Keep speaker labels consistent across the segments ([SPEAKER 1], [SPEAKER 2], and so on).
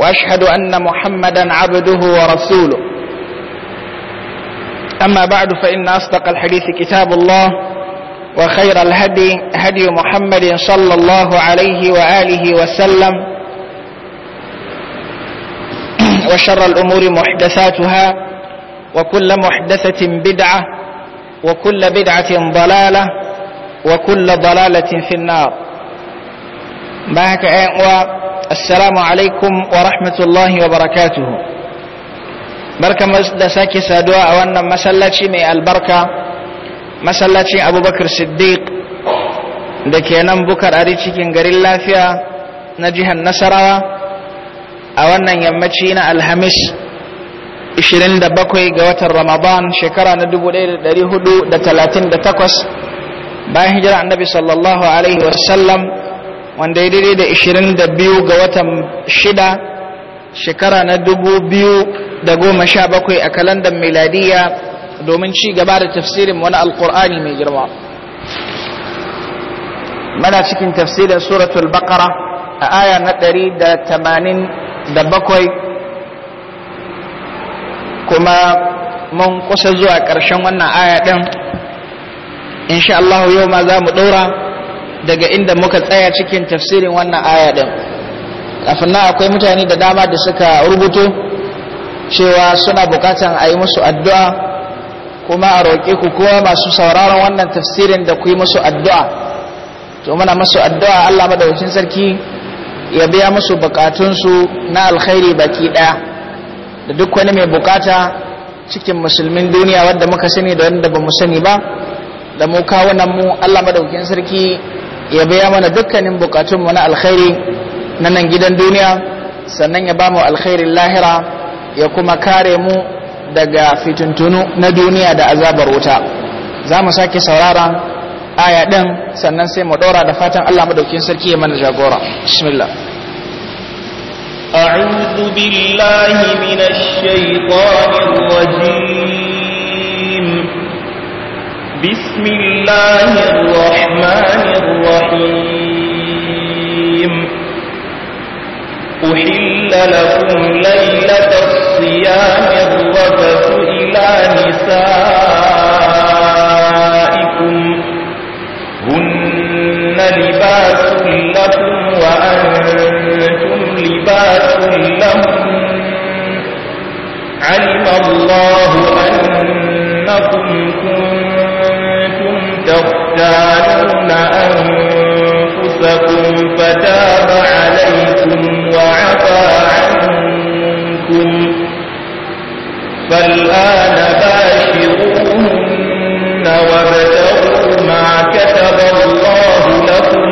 [SPEAKER 1] واشهد ان محمدا عبده ورسوله اما بعد فان اصدق الحديث كتاب الله وخير الهدي هدي محمد صلى الله عليه واله وسلم وشر الامور محدثاتها وكل محدثه بدعه وكل بدعه ضلاله وكل ضلاله في النار ما هكا assalamu alaikum wa rahmatullahi wa barakatuhu barkamu da sake saduwa a wannan masallaci mai albarka masallacin abubakar siddiq da ke nan bukar ari cikin garin lafiya na jihar nasarawa a wannan yammaci na alhamis 27 ga watan ramadan shekara na 1438 bayan hijira annabi sallallahu alaihi wasallam wanda ya daidai da 22 ga watan 6 shekara na 2017 a kalandar miladiya domin ci gaba da tafsirin wani alkur'ani mai girma mana cikin tafsirin suratul baqara a aya na 187 kuma mun kusa zuwa ƙarshen wannan aya ɗin insha Allah yau ma za mu ɗora daga inda muka tsaya cikin tafsirin wannan aya din kafin nan akwai mutane da dama da suka rubuto cewa suna bukatan a yi musu addu'a kuma a roƙe ku kowa masu sauraron wannan tafsirin da ku yi musu addu'a to muna musu addu'a Allah madaukakin sarki ya biya musu bukatunsu na alkhairi baki ɗaya da duk wani mai bukata cikin musulmin duniya wanda muka sani da wanda ba mu sani ba da mu nan mu Allah madaukakin sarki ya baya mana dukkanin bukatunmu na alkhairi na nan gidan duniya sannan ya ba mu alkhairin lahira ya kuma kare mu daga fitintunu na duniya da azabar wuta za mu sake saurara aya ɗin sannan sai mu ɗora da fatan Allah madaukin sarki ya mana jagora bismillah أعوذ بالله من الشيطان الرجيم بسم الله الرحمن الرحيم أحل لكم ليلة الصيام الرفث إلى نسائكم هن لباس لكم وأنتم لباس لهم علم الله تختانون أنفسكم فتاب عليكم وعفى عنكم فالآن باشرون وابتغوا ما كتب الله لكم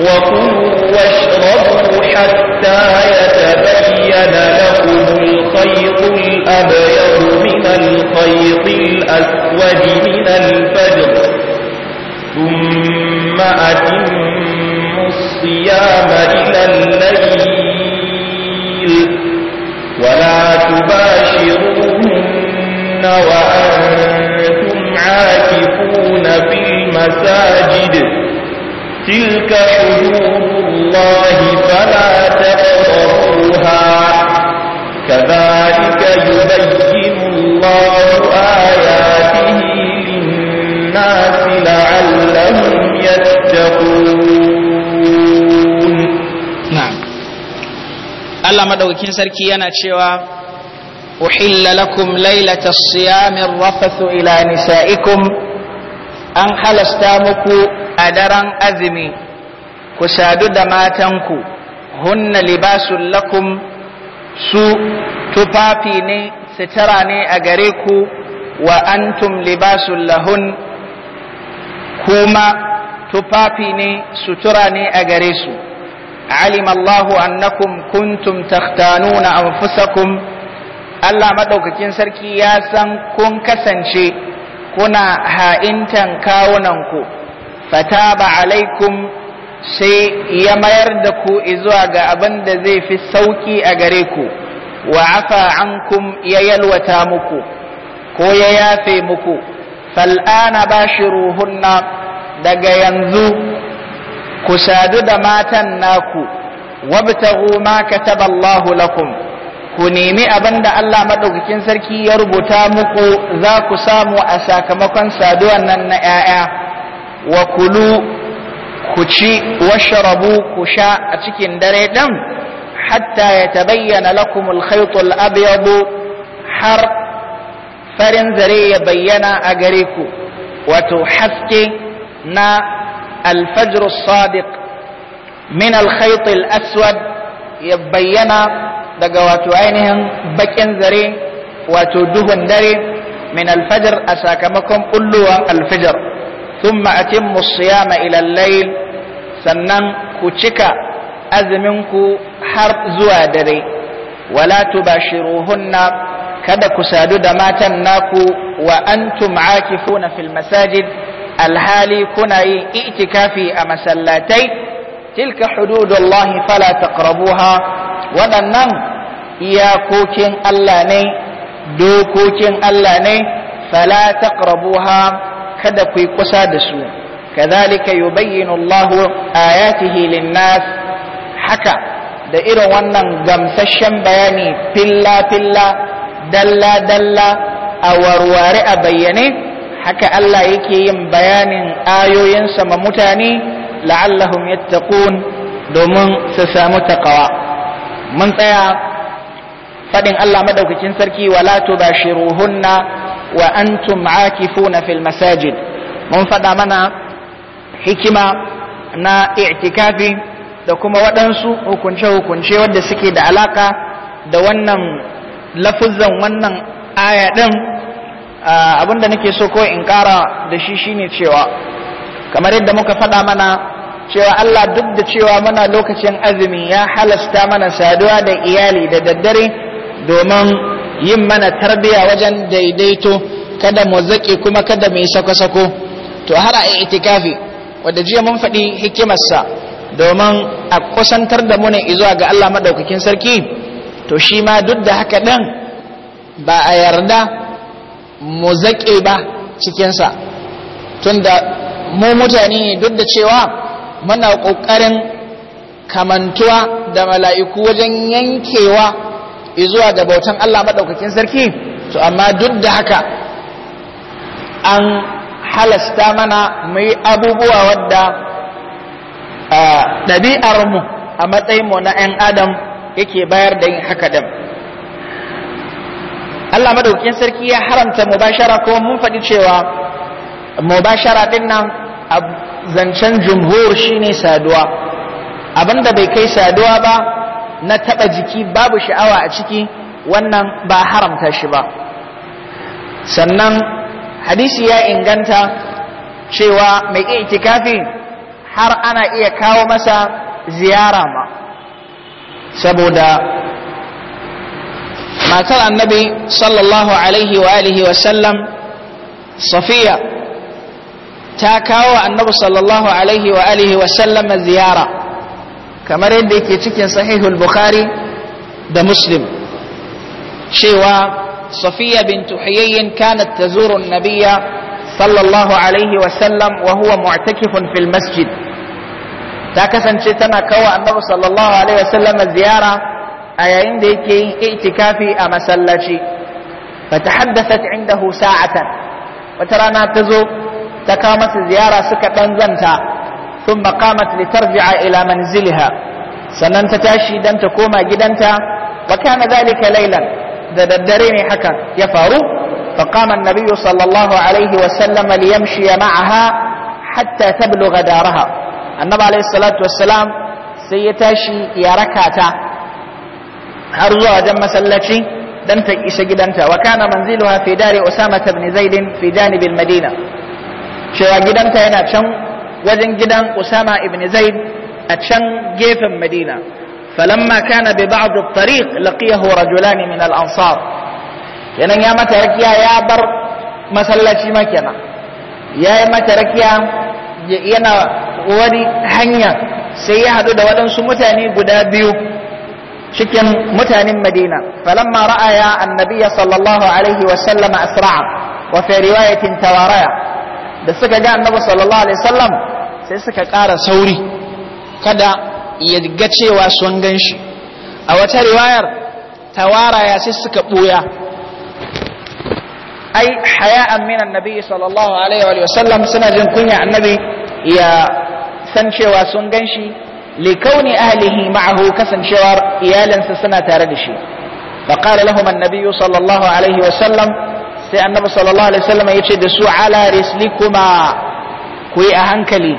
[SPEAKER 1] وكلوا واشربوا حتى يتبين لكم الخيط الأبيض من الخيط الأسود من الفجر ثم أتموا الصيام إلى الليل ولا تباشروهن وأنتم عاكفون في المساجد تلك حدود الله فلا تأتوا تتقون نعم الله مدوكين سركي أنا شوى أحل لكم ليلة الصيام الرفث إلى نسائكم أن حلستامكو أدرا أذمي كسادو دماتنكو هن لباس لكم su tufafi ne sitara ne a gare ku wa antum libasul lahun kuma tufafi ne sutura ne a gare su alimallahu annakum kuntum takhtanuna anfusakum Allah madaukakin sarki ya san kun kasance kuna ha'intan kawunanku fataba alaikum sai ya mayar da ku zuwa ga abin da zai fi sauƙi a gare ku wa afa ankum ya yalwata muku ko ya yafe muku fal'ana bashiruhunna daga yanzu ku sadu da matan naku wabtaghu ma kataballahu lakum ku nemi abin da Allah maɗaukakin sarki ya rubuta muku za ku samu a sakamakon saduwan nan na ‘ya'ya wa kulu ku ci washarabu ku sha a cikin dare ɗin hatta ya tabayyana lakum alkhaytul abyadu har farin zare ya bayyana a gare ku wato haske نا الفجر الصادق من الخيط الأسود يبين دقوات عينهم بكن ذري وتدهن ذري من الفجر أساكمكم قلوا الفجر ثم أتم الصيام إلى الليل سنن كتك أزمنك حرب زوى ذري ولا تباشروهن كدك سادد ماتناكو وأنتم عاكفون في المساجد alhali kuna yin itikafi a masallatai tilka hududullahi fala taqrabuha waɗannan iyakokin Allah ne dokokin Allah ne fala taqrabuha kada ku kusa da su kadhalika yubayyinu Allahu ayatihi lin-nas haka da irin wannan gamsashen bayani filla filla dalla dalla a warware a bayyane haka Allah yake yin bayanin ayoyinsa ma mutane la'allahum yattaqun domin su samu taqwa mun tsaya fadin Allah madaukakin sarki wala tubashiruhunna wa antum aakifuna fil masajid mun fada mana hikima na i'tikafi da kuma waɗansu hukunce-hukunce wadda suke da alaka da wannan lafuzan wannan aya ɗin Ah, abinda nake so ko in kara da shi shine cewa kamar yadda muka fada mana cewa Allah duk da cewa muna lokacin azumi ya halasta mana saduwa da iyali da daddare domin yin mana tarbiya wajen daidaito kada mu zaƙe kuma kada mu yi sako-sako to har a itikafi wadda jiya mun faɗi hikimarsa domin a kusantar da mu ne zuwa ga Allah madaukakin sarki to shi ma duk da haka din ba a yarda mu zaƙe ba cikinsa tunda mu mutane duk da cewa muna ƙoƙarin kamantuwa da mala'iku wajen yankewa izuwa ga bautan Allah maɗaukakin sarki to amma duk da haka an halasta mana mai abubuwa wadda ɗabi'armu a matsayinmu na ‘yan adam yake bayar da yin haka dam. Allah madaukakin sarki ya haramta mubashara ko mun faɗi cewa mubashara din nan zancen jumhur shine saduwa abinda bai kai saduwa ba na taɓa jiki babu sha'awa a ciki wannan ba haramta shi ba sannan hadisi ya inganta cewa mai itikafi har ana iya kawo masa ziyara ma saboda matar annabi sallallahu alaihi wa alihi wa sallam safiya ta kawo annabi sallallahu alaihi wa alihi wa sallam ziyara kamar yadda yake cikin sahihul bukhari da muslim cewa صفية ta zurun nabiya تزور alaihi wa sallam عليه وسلم وهو معتكف masjid ta kasance tana kawo النبي صلى alaihi wa وسلم ziyara. a yayin da yake yin itikafi a masallaci fatahaddathat indahu sa'atan wata rana ta zo ta kawo masa ziyara suka dan zanta thumma qamat litarji'a ila manziliha sannan ta tashi dan ta koma gidanta wa kana dhalika laylan da daddare ne haka ya faru فقام النبي صلى الله عليه وسلم ليمشي معها حتى تبلغ دارها النبي عليه الصلاة والسلام سيتاشي يا ركعتا har zuwa wajen masallaci dan ta isa gidanta wa kana manziluha fi dari usama ibn zaid fi janib al-madina cewa gidanta yana can wajen gidan usama ibn zaid a can gefen madina falamma kana bi ba'd at-tariq laqiyahu rajulan min al-ansar kenan ya mata rakiya ya bar masallaci ma kenan ya yi mata rakiya yana wani hanya sai ya haɗu da waɗansu mutane guda biyu cikin mutanen Madina falamma ra'aya annabiyya sallallahu alaihi wa asra'a wa fi riwayatin tawaraya da suka ga annabi sallallahu alaihi wasallam sai suka ƙara sauri kada ya ga cewa sun gan shi a wata riwayar tawaraya sai suka ɓuya ai haya'an min annabi sallallahu alaihi wa sallam suna jin kunya annabi ya san cewa sun gan shi likauni ahlihi ma'ahu kasancewar iyalansa suna tare da shi فقال لهم النبي صلى الله عليه وسلم sai annabi sallallahu alaihi wasallam ya ce da su ala rislikuma ku yi a hankali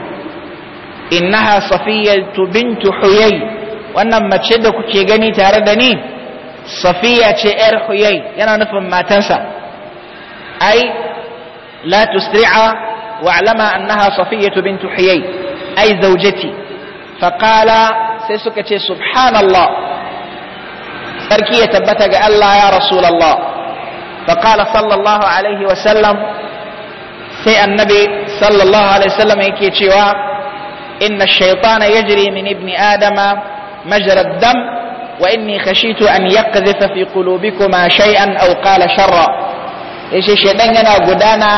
[SPEAKER 1] innaha safiyatu bintu huyay wannan mace da kuke gani tare da ni safiya ce yar huyay yana nufin matansa ai la tusri'a wa'lama annaha safiyatu bintu huyay ai zaujati faƙala sai suka ce subhanallah sarki ya tabbata ga Allah ya rasulallah faƙala sallallahu alaihi wasallam sai annabi sallallahu alaihi wasallam yake cewa inna shaitana yajri min ibni adama majrad dam wa inni khashitu an yaqdhifa fi qulubikuma shay'an aw qala sharra yace shaitan yana gudana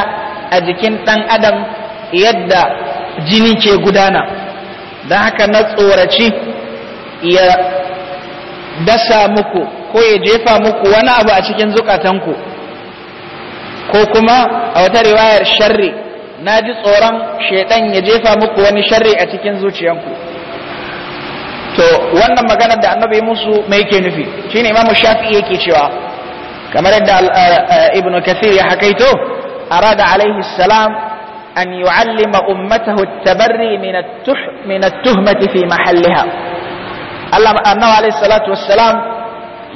[SPEAKER 1] a jikin dan adam yadda jini ke gudana don haka na tsoraci ya dasa muku ko ya jefa muku wani abu a cikin zukatanku ko kuma a wata riwayar sharri na ji tsoron shaidan ya jefa muku wani sharri a cikin zuciyanku to wannan maganar da annabi musu mai ke nufi shine imamu shafi'i yake cewa kamar yadda eh, eh, Ibn kathir ya hakaito arada alaihi salam An يعلم أمته التبري من التح من التهمة في محلها الله أنه عليه الصلاة والسلام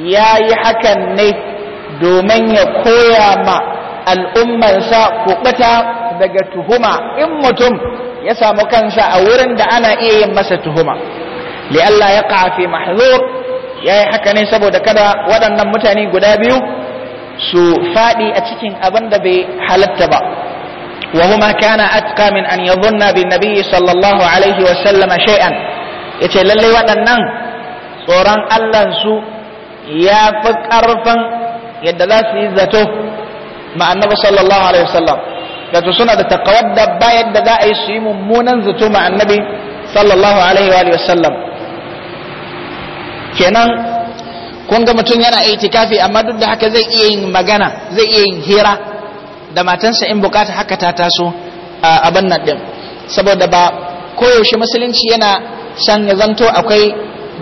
[SPEAKER 1] يا يحكى ني دومين يقويا ما الأمة سا كوكتا daga tuhuma in mutum ya samu kansa a wurin da ana iya yin masa tuhuma li Allah ya fi mahzur ya yi haka ne saboda kada waɗannan mutane guda biyu su faɗi a cikin abinda bai halatta ba وهو ما كان أتقى من أن يظن بالنبي صلى الله عليه وسلم شيئا yace lallai waɗannan tsoron Allahnsu ya fi yadda za su yi zato ma annabi sallallahu alaihi wasallam zato suna da takawar da bayan da za a yi su mummunan zato sallallahu kenan kun ga mutum yana itikafi amma duk da haka zai iya yin magana zai iya yin hira da matansa in bukata haka ta taso a abin nan din saboda ba koyaushe musulunci yana san ya zanto akwai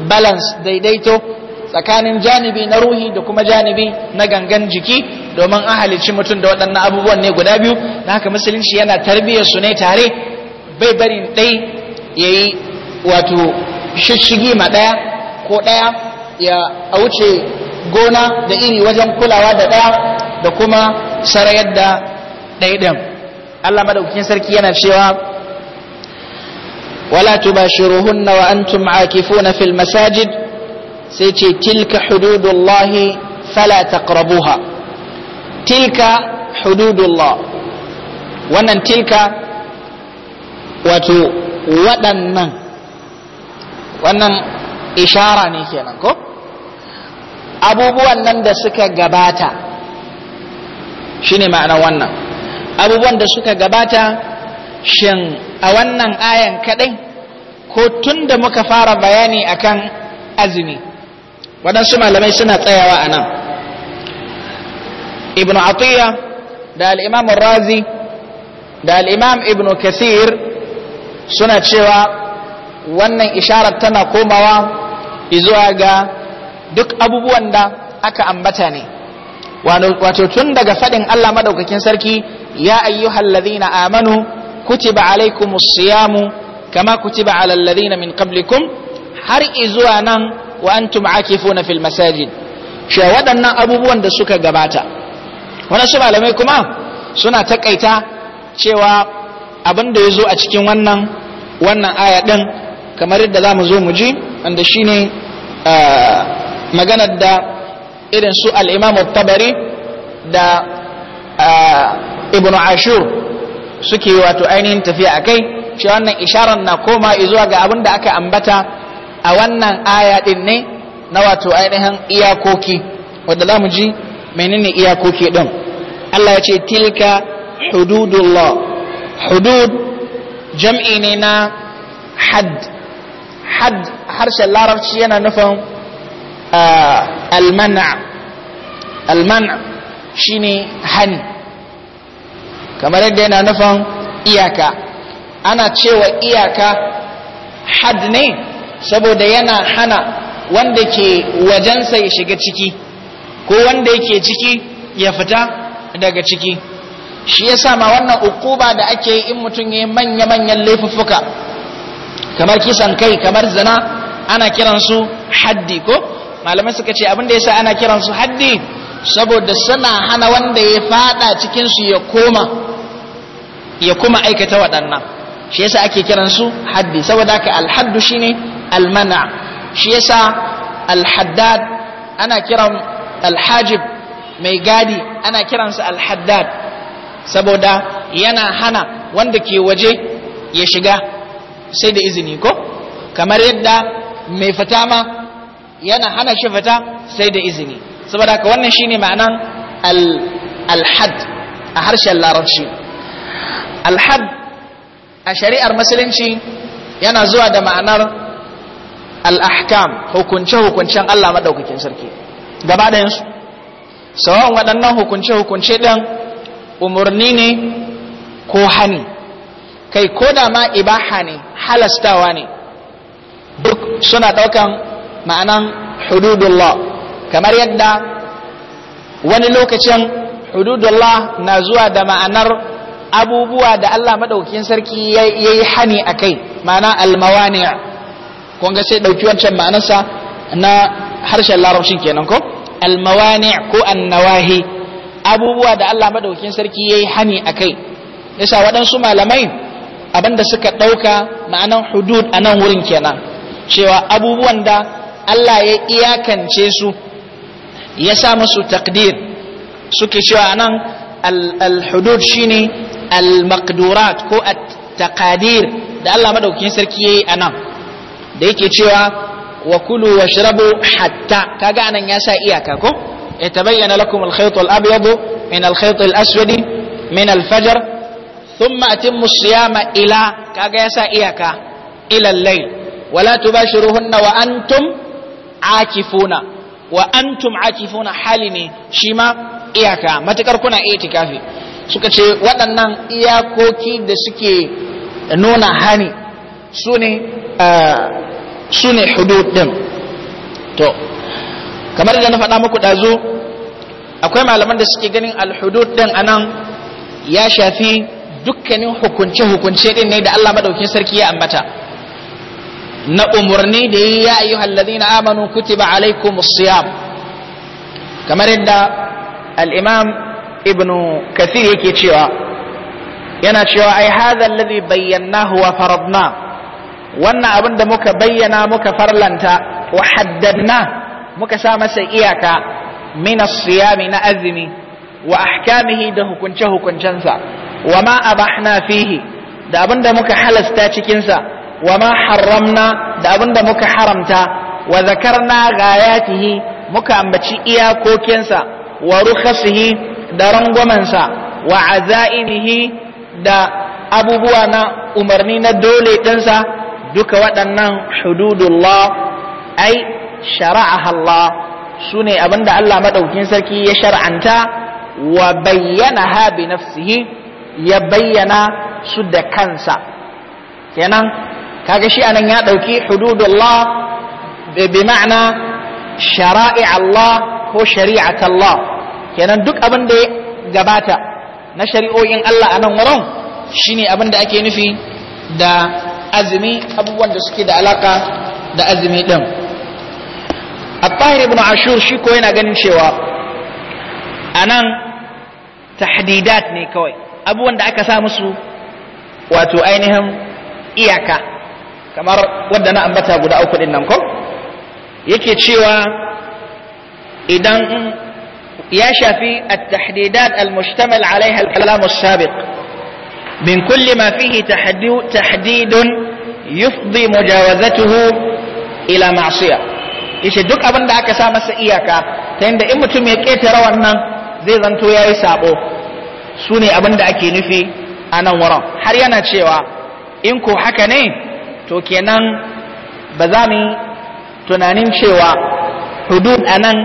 [SPEAKER 1] balance daidaito tsakanin janibi na ruhi da kuma janibi na gangan jiki domin an halicci mutum da waɗannan abubuwan ne guda biyu na haka musulunci yana tarbiyyar su ne tare bai barin ɗai ya yi wato shishigi ma ɗaya ko ɗaya ya a wuce gona da iri wajen kulawa da ɗaya da kuma sarayar da ɗaiɗan Allah madaukakin sarki yana cewa ولا تباشروهن وأنتم عاكفون في المساجد سيتي تلك حدود الله فلا تقربوها تلك حدود الله wannan tilka wato waɗannan wannan ishara ne kenan ko abubuwan nan da suka gabata shine ma'anar wannan abubuwan da suka gabata shin a wannan ayan kaɗai? ko tun da muka fara bayani akan azumi waɗansu malamai suna tsayawa a nan ibn atiyya da al'imam razi da al'imam ibn kasir suna cewa wannan isharar tana komawa izuwa ga duk abubuwan da aka ambata ne wato tun daga faɗin Allah maɗaukakin sarki ya ayyuhal ladhina amanu kutiba alaikumus siyamu kama kutiba alal ladhina min qablikum har izuwa nan wa antum akifuna fil masajid shi waɗannan abubuwan da suka gabata su malamai kuma suna takaita cewa abin da ya zo a cikin wannan wannan aya ɗin kamar yadda za mu zo mu ji wanda shine eh, maganar da irin su al tabari da ibnu ashur suke wato ainihin tafiya a kai shi wannan isharar na koma izuwa ga abin da aka ambata a wannan aya din ne na wato ainihin iyakoki wadda za mu ji menene iyakoki din Allah ya ce tilka hududullah hudud jam'i ne na had had harshen larabci yana nufin almana almana shine hani kamar yadda yana nufin iyaka ana cewa iyaka had ne saboda yana hana wanda ke wajensa ya shiga ciki ko wanda yake ciki ya fita daga ciki shi ya ma wannan ukuba da ake yi in mutum ya manya-manyan laifuffuka kamar kisan kai kamar zina ana kiransu haddi ko malamai suka ce abin da sa ana kiransu haddi saboda suna hana wanda ya fada cikinsu ya koma ya kuma aikata waɗannan shi yasa ake kiran su haddi saboda haka alhaddu shine almana shi yasa alhaddad ana kiran alhajib mai gadi ana kiransa alhaddad saboda yana hana wanda ke waje ya shiga sai da izini ko kamar yadda mai fatama. ma yana hana shi fita sai da izini saboda haka wannan shine ma'anan al-had a harshen larabci al-had a shari'ar musulunci yana zuwa da ma'anar al-ahkam hukunce-hukuncen Allah madaukakin sarki gaba da yansu sawan waɗannan hukunce-hukunce ɗin umarni ne ko hani kai ko da ma ibaha ne halastawa ne duk suna ɗaukan ma'anan hududullah kamar yadda wani lokacin hududullah na zuwa da ma'anar abubuwa da Allah madaukakin sarki ya yi hani a kai ma'ana almawani kun ga sai ɗauki wancan ma'anarsa na harshen larabcin kenan ko almawani ko annawahi abubuwa da Allah madaukakin sarki yayi hani akai yasa waɗansu malamai abinda suka ɗauka ma'anan hudud a nan wurin kenan cewa abubuwan da Allah ya iyakance su ya sa musu takdir suke cewa nan al-hudud shine al-maqdurat ko at-taqadir da Allah madaukakin sarki yayi anan da yake cewa wa kulu washrabu hatta kaga anan ya sa iyaka ko ya tabayyana lakum al-khayt al-abyad min al-khayt al-aswad min al-fajr thumma atimmu as-siyama ila kaga ya sa iyaka ila al-layl ولا تباشروهن وأنتم akifuna wa antum akifuna hali ne shi ma iyaka matukar kuna itikafi suka ce waɗannan iyakoki da suke nuna hani su ne hudud ɗin to kamar da na faɗa muku ɗazu akwai malaman da suke ganin alhudud a nan ya shafi dukkanin hukunce-hukunce ɗin ne da Allah maɗaukin sarki ya ambata na umarni da yi ya ayyuhal ladina amanu kutiba alaikum siyam kamar yadda al-imam ibn kathir yake cewa yana cewa ai hadha alladhi bayyanahu wa faradna wannan abin da muka bayyana muka farlanta wa haddadna muka sa masa iyaka min as-siyami na azumi wa ahkamihi da hukunce hukuncensa wa ma abahna fihi da abin da muka halasta cikinsa wa haramna da abinda muka haramta wa zakarna gayatihi muka ambaci iyakokinsa wa rukhasihi da rangwamansa wa azaimihi da abubuwa na umarni na dole ɗinsa duka waɗannan hududullah ai shara'aha Allah su ne abinda Allah maɗaukin sarki ya shar'anta wa bayyana ha bi nafsihi ya bayyana su da kansa kenan kaga shi anan ya ɗauki hududullah bi ma'ana shara'i' Allah ko shari'at Allah kenan duk abin da ya gabata na shari'o'in Allah anan wurin shine abin da ake nufi da azumi abubuwan da suke da alaka da azumi din Al-Tahir ibn Ashur shi ko yana ganin cewa anan tahdidat ne kawai abubuwan da aka sa musu wato ainihin iyaka kamar wanda na ambata guda uku din nan ko yake cewa idan ya shafi at-tahdidat al-mushtamal alaiha al-kalam as-sabiq min kulli ma fihi tahdid yufdi mujawazatuhu ila ma'siyah yace duk abin da aka sa masa iyaka ta yanda in mutum ya ketare wannan zai zanto yayi sabo sune abin da ake nufi anan nan wurin har yana cewa in ko haka ne to kenan ba za tunanin cewa hudud a nan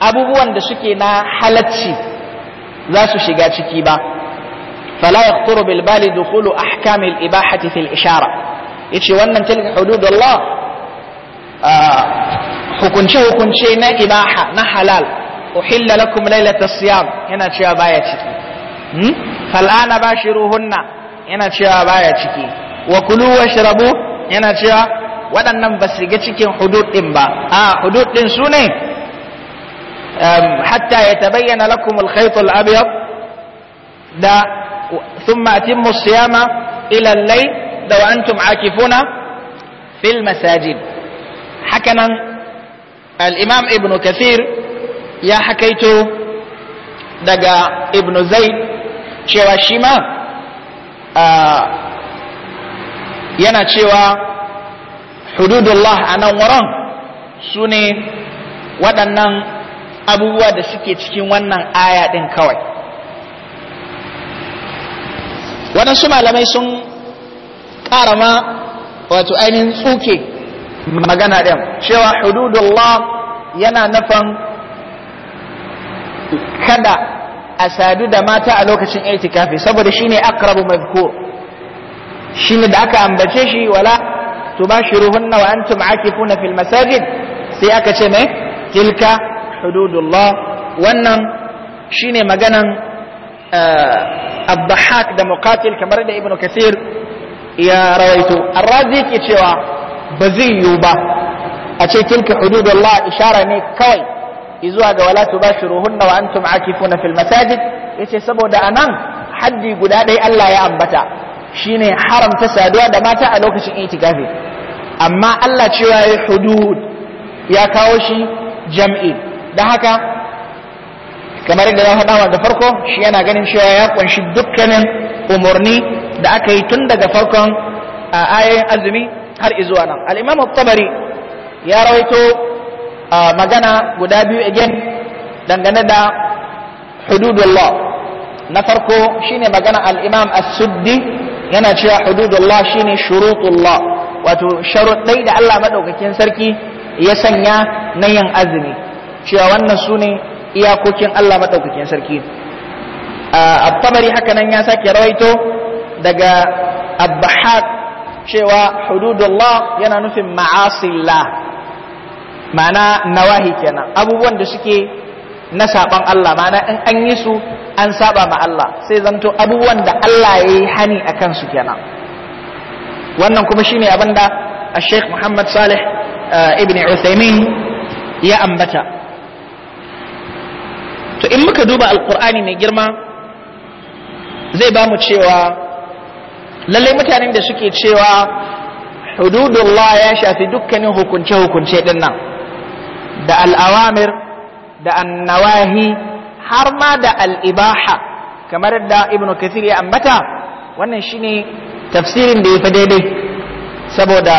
[SPEAKER 1] abubuwan da suke na halacci za su shiga ciki ba fala yaqturu bil bali dukhulu ahkam al ibahati fil ishara yace wannan tilka hudud Allah hukunce hukunce na ibaha na halal uhilla lakum lailatas siyam yana cewa baya ciki hmm? fal'ana bashiruhunna yana cewa baya ciki wa kulu wa shirabu yana cewa waɗannan ba su ga cikin hudud ɗin ba a hudud ɗin su ne hatta ya tabayyana lakum al-khayt al-abyad da thumma atimmu siyama ila al-layl da wa antum akifuna fil masajid hakanan al-imam ibnu kathir ya hakaito daga ibnu zaid cewa shima yana cewa hududullah a nan wurin su ne waɗannan abubuwa da suke cikin wannan aya ɗin kawai waɗansu malamai sun ƙara ma wato ainihin tsuke magana ɗin cewa hududullah yana nufin kada a sadu da mata a lokacin itikafi saboda shine akrabu mazkur shine da aka ambace shi wala tubashiruhunna wa antum akifuna fil masajid sai aka ce me tilka hududullah wannan shine maganan eh, abdahak da mukatil kamar da ibnu kasir ya rawaito arrazi ke cewa ba zai yiwu ba a ce tilka hududullah ishara ne kawai izuwa ga wala tubashiruhunna wa antum akifuna fil masajid yace saboda anan haddi guda ɗaya Allah ya ambata shine haramta saduwa da mata a lokacin itikafi amma Allah cewa ya hudud ya kawo shi jam'i Da haka kamar yadda na faɗa da farko shi yana ganin cewa ya kunshi dukkanin umarni da aka yi tun daga farkon a ayoyin azumi har izuwa nan al-imam tabari ya rawaito magana guda biyu again dangane da hududullah na farko shine magana alimam imam as-suddi yana cewa hududullah shine shurutullah wato sharuɗai da Allah madaukakin sarki ya sanya na yin azumi cewa wannan sune iyakokin Allah madaukakin sarki at-tabari haka nan ya sake rawaito daga abbahat cewa hududullah yana nufin ma'asillah ma'ana nawahi kenan abubuwan da suke na saban Allah mana in an yi su an saba ma Allah sai zanto abubuwan da Allah ya yi hani a kansu kenan wannan kuma shine abin da Sheikh Muhammad Salih eh, ibn Uthaymin ya ambata to in muka duba alqur'ani mai girma zai ba mu cewa lallai mutanen da suke cewa hududullah ya shafi dukkanin hukunce-hukunce din nan da al'awamir da annawahi har ma da al'ibaha kamar da ibn kathir ya ambata wannan shine tafsirin da ya fi daidai saboda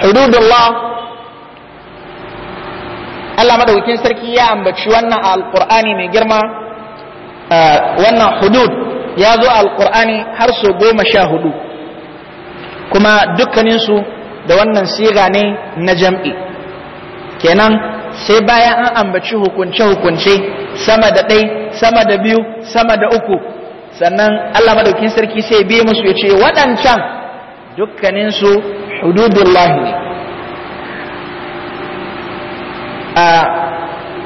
[SPEAKER 1] hududullah Allah madaukakin sarki ya ambaci wannan Alƙur'ani mai girma wannan hudud ya zo Alƙur'ani har so goma sha hudu kuma dukkaninsu da wannan siga ne na jam'i kenan sai bayan an ambaci hukunce-hukunce sama da ɗai sama da biyu sama da uku sannan Allah madaukin sarki sai biye musu ya ce waɗancan dukkaninsu hududullahi ne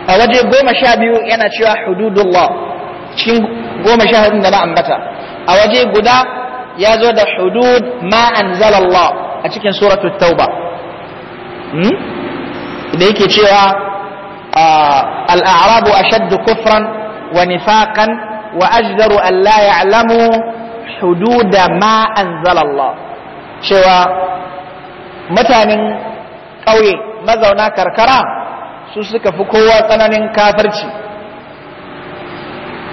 [SPEAKER 1] a waje goma sha biyu yana cewa hududullah cikin goma sha hudun da na ambata a waje guda ya zo da hudud ma anzalallah a cikin suratul tauba hmm? da yake cewa ah, al'arabu ashaddu kufran wa nifaqan wa ajdaru an la ya'lamu hududa ma anzala cewa mutanen ƙauye mazauna karkara su suka fi kowa tsananin kafirci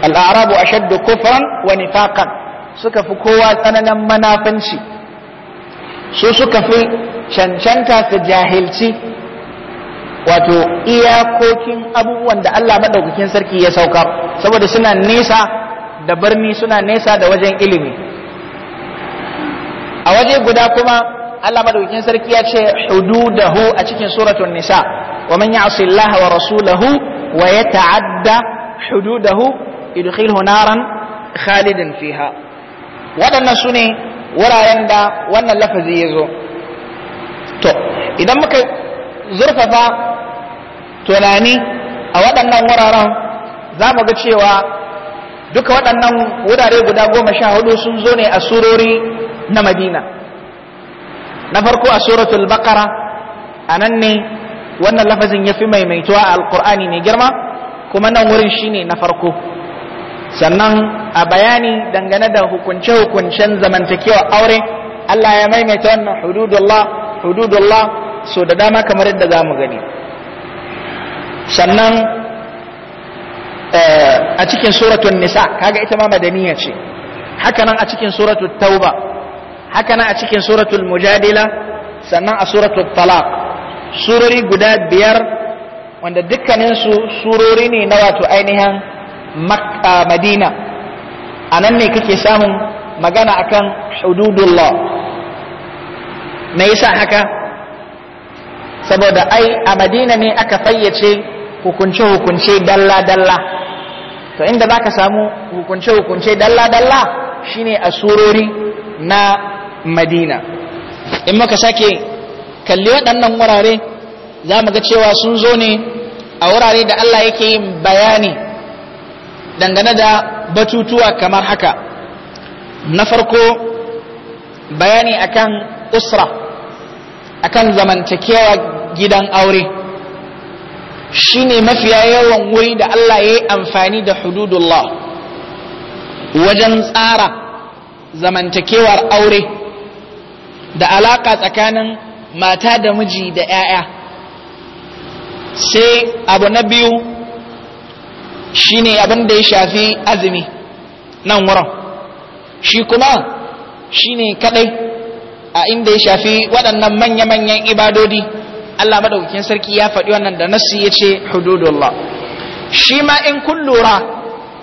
[SPEAKER 1] al'arabu ashaddu kufran wa nifaqan suka fi kowa tsananin manafinci su suka fi cancanta su jahilci wato iyakokin abubuwan da Allah maɗaukakin sarki ya sauka saboda suna nesa da birni suna nesa da wajen ilimi a waje guda kuma Allah maɗaukakin sarki ya ce hududahu a cikin suratun nisa wa man ya'si Allah wa rasulahu wa yata'adda hududahu yudkhilhu naran khalidan fiha waɗannan su ne wuraren da wannan lafazi ya zo to idan muka zurfafa tunani a waɗannan wuraren za mu ga cewa duka waɗannan wurare guda goma sha hudu sun zo ne a surori na madina na farko a suratul baqara a nan ne wannan lafazin ya fi maimaituwa a alkur'ani mai girma kuma nan wurin shine na farko sannan a bayani dangane da hukunce-hukuncen zamantakewa aure Allah ya maimaita wannan hududullah hududullah so da dama kamar yadda za mu gani sannan eh, a cikin suratun nisa kaga ita ma madaniya ce hakanan a cikin suratun tauba hakanan a cikin suratun mujadila sannan a suratun talaq surori guda biyar wanda dukkaninsu surori ne na wato ainihin madina a nan ne kake samun magana akan hududullah me yasa haka saboda ai a madina ne aka fayyace hukunce-hukunce dalla-dalla to inda za ka samu hukunce-hukunce dalla-dalla shine a surori na madina in muka sake kalli waɗannan wurare za mu ga cewa sun zo ne a wurare da Allah yake yin bayani dangane da batutuwa kamar haka na farko bayani akan usra akan zamantakewa gidan aure shine mafiya yawan wuri da Allah ya yi amfani da hududullah wajen tsara zamantakewar aure da alaka tsakanin mata da miji da 'ya'ya sai abu na biyu shine abin da ya shafi azumi nan wurin shi kuma shine kaɗai a inda ya shafi waɗannan manya-manyan ibadodi Allah madaukakin sarki ya faɗi wannan da na ya ce hududullah shi ma in kun lura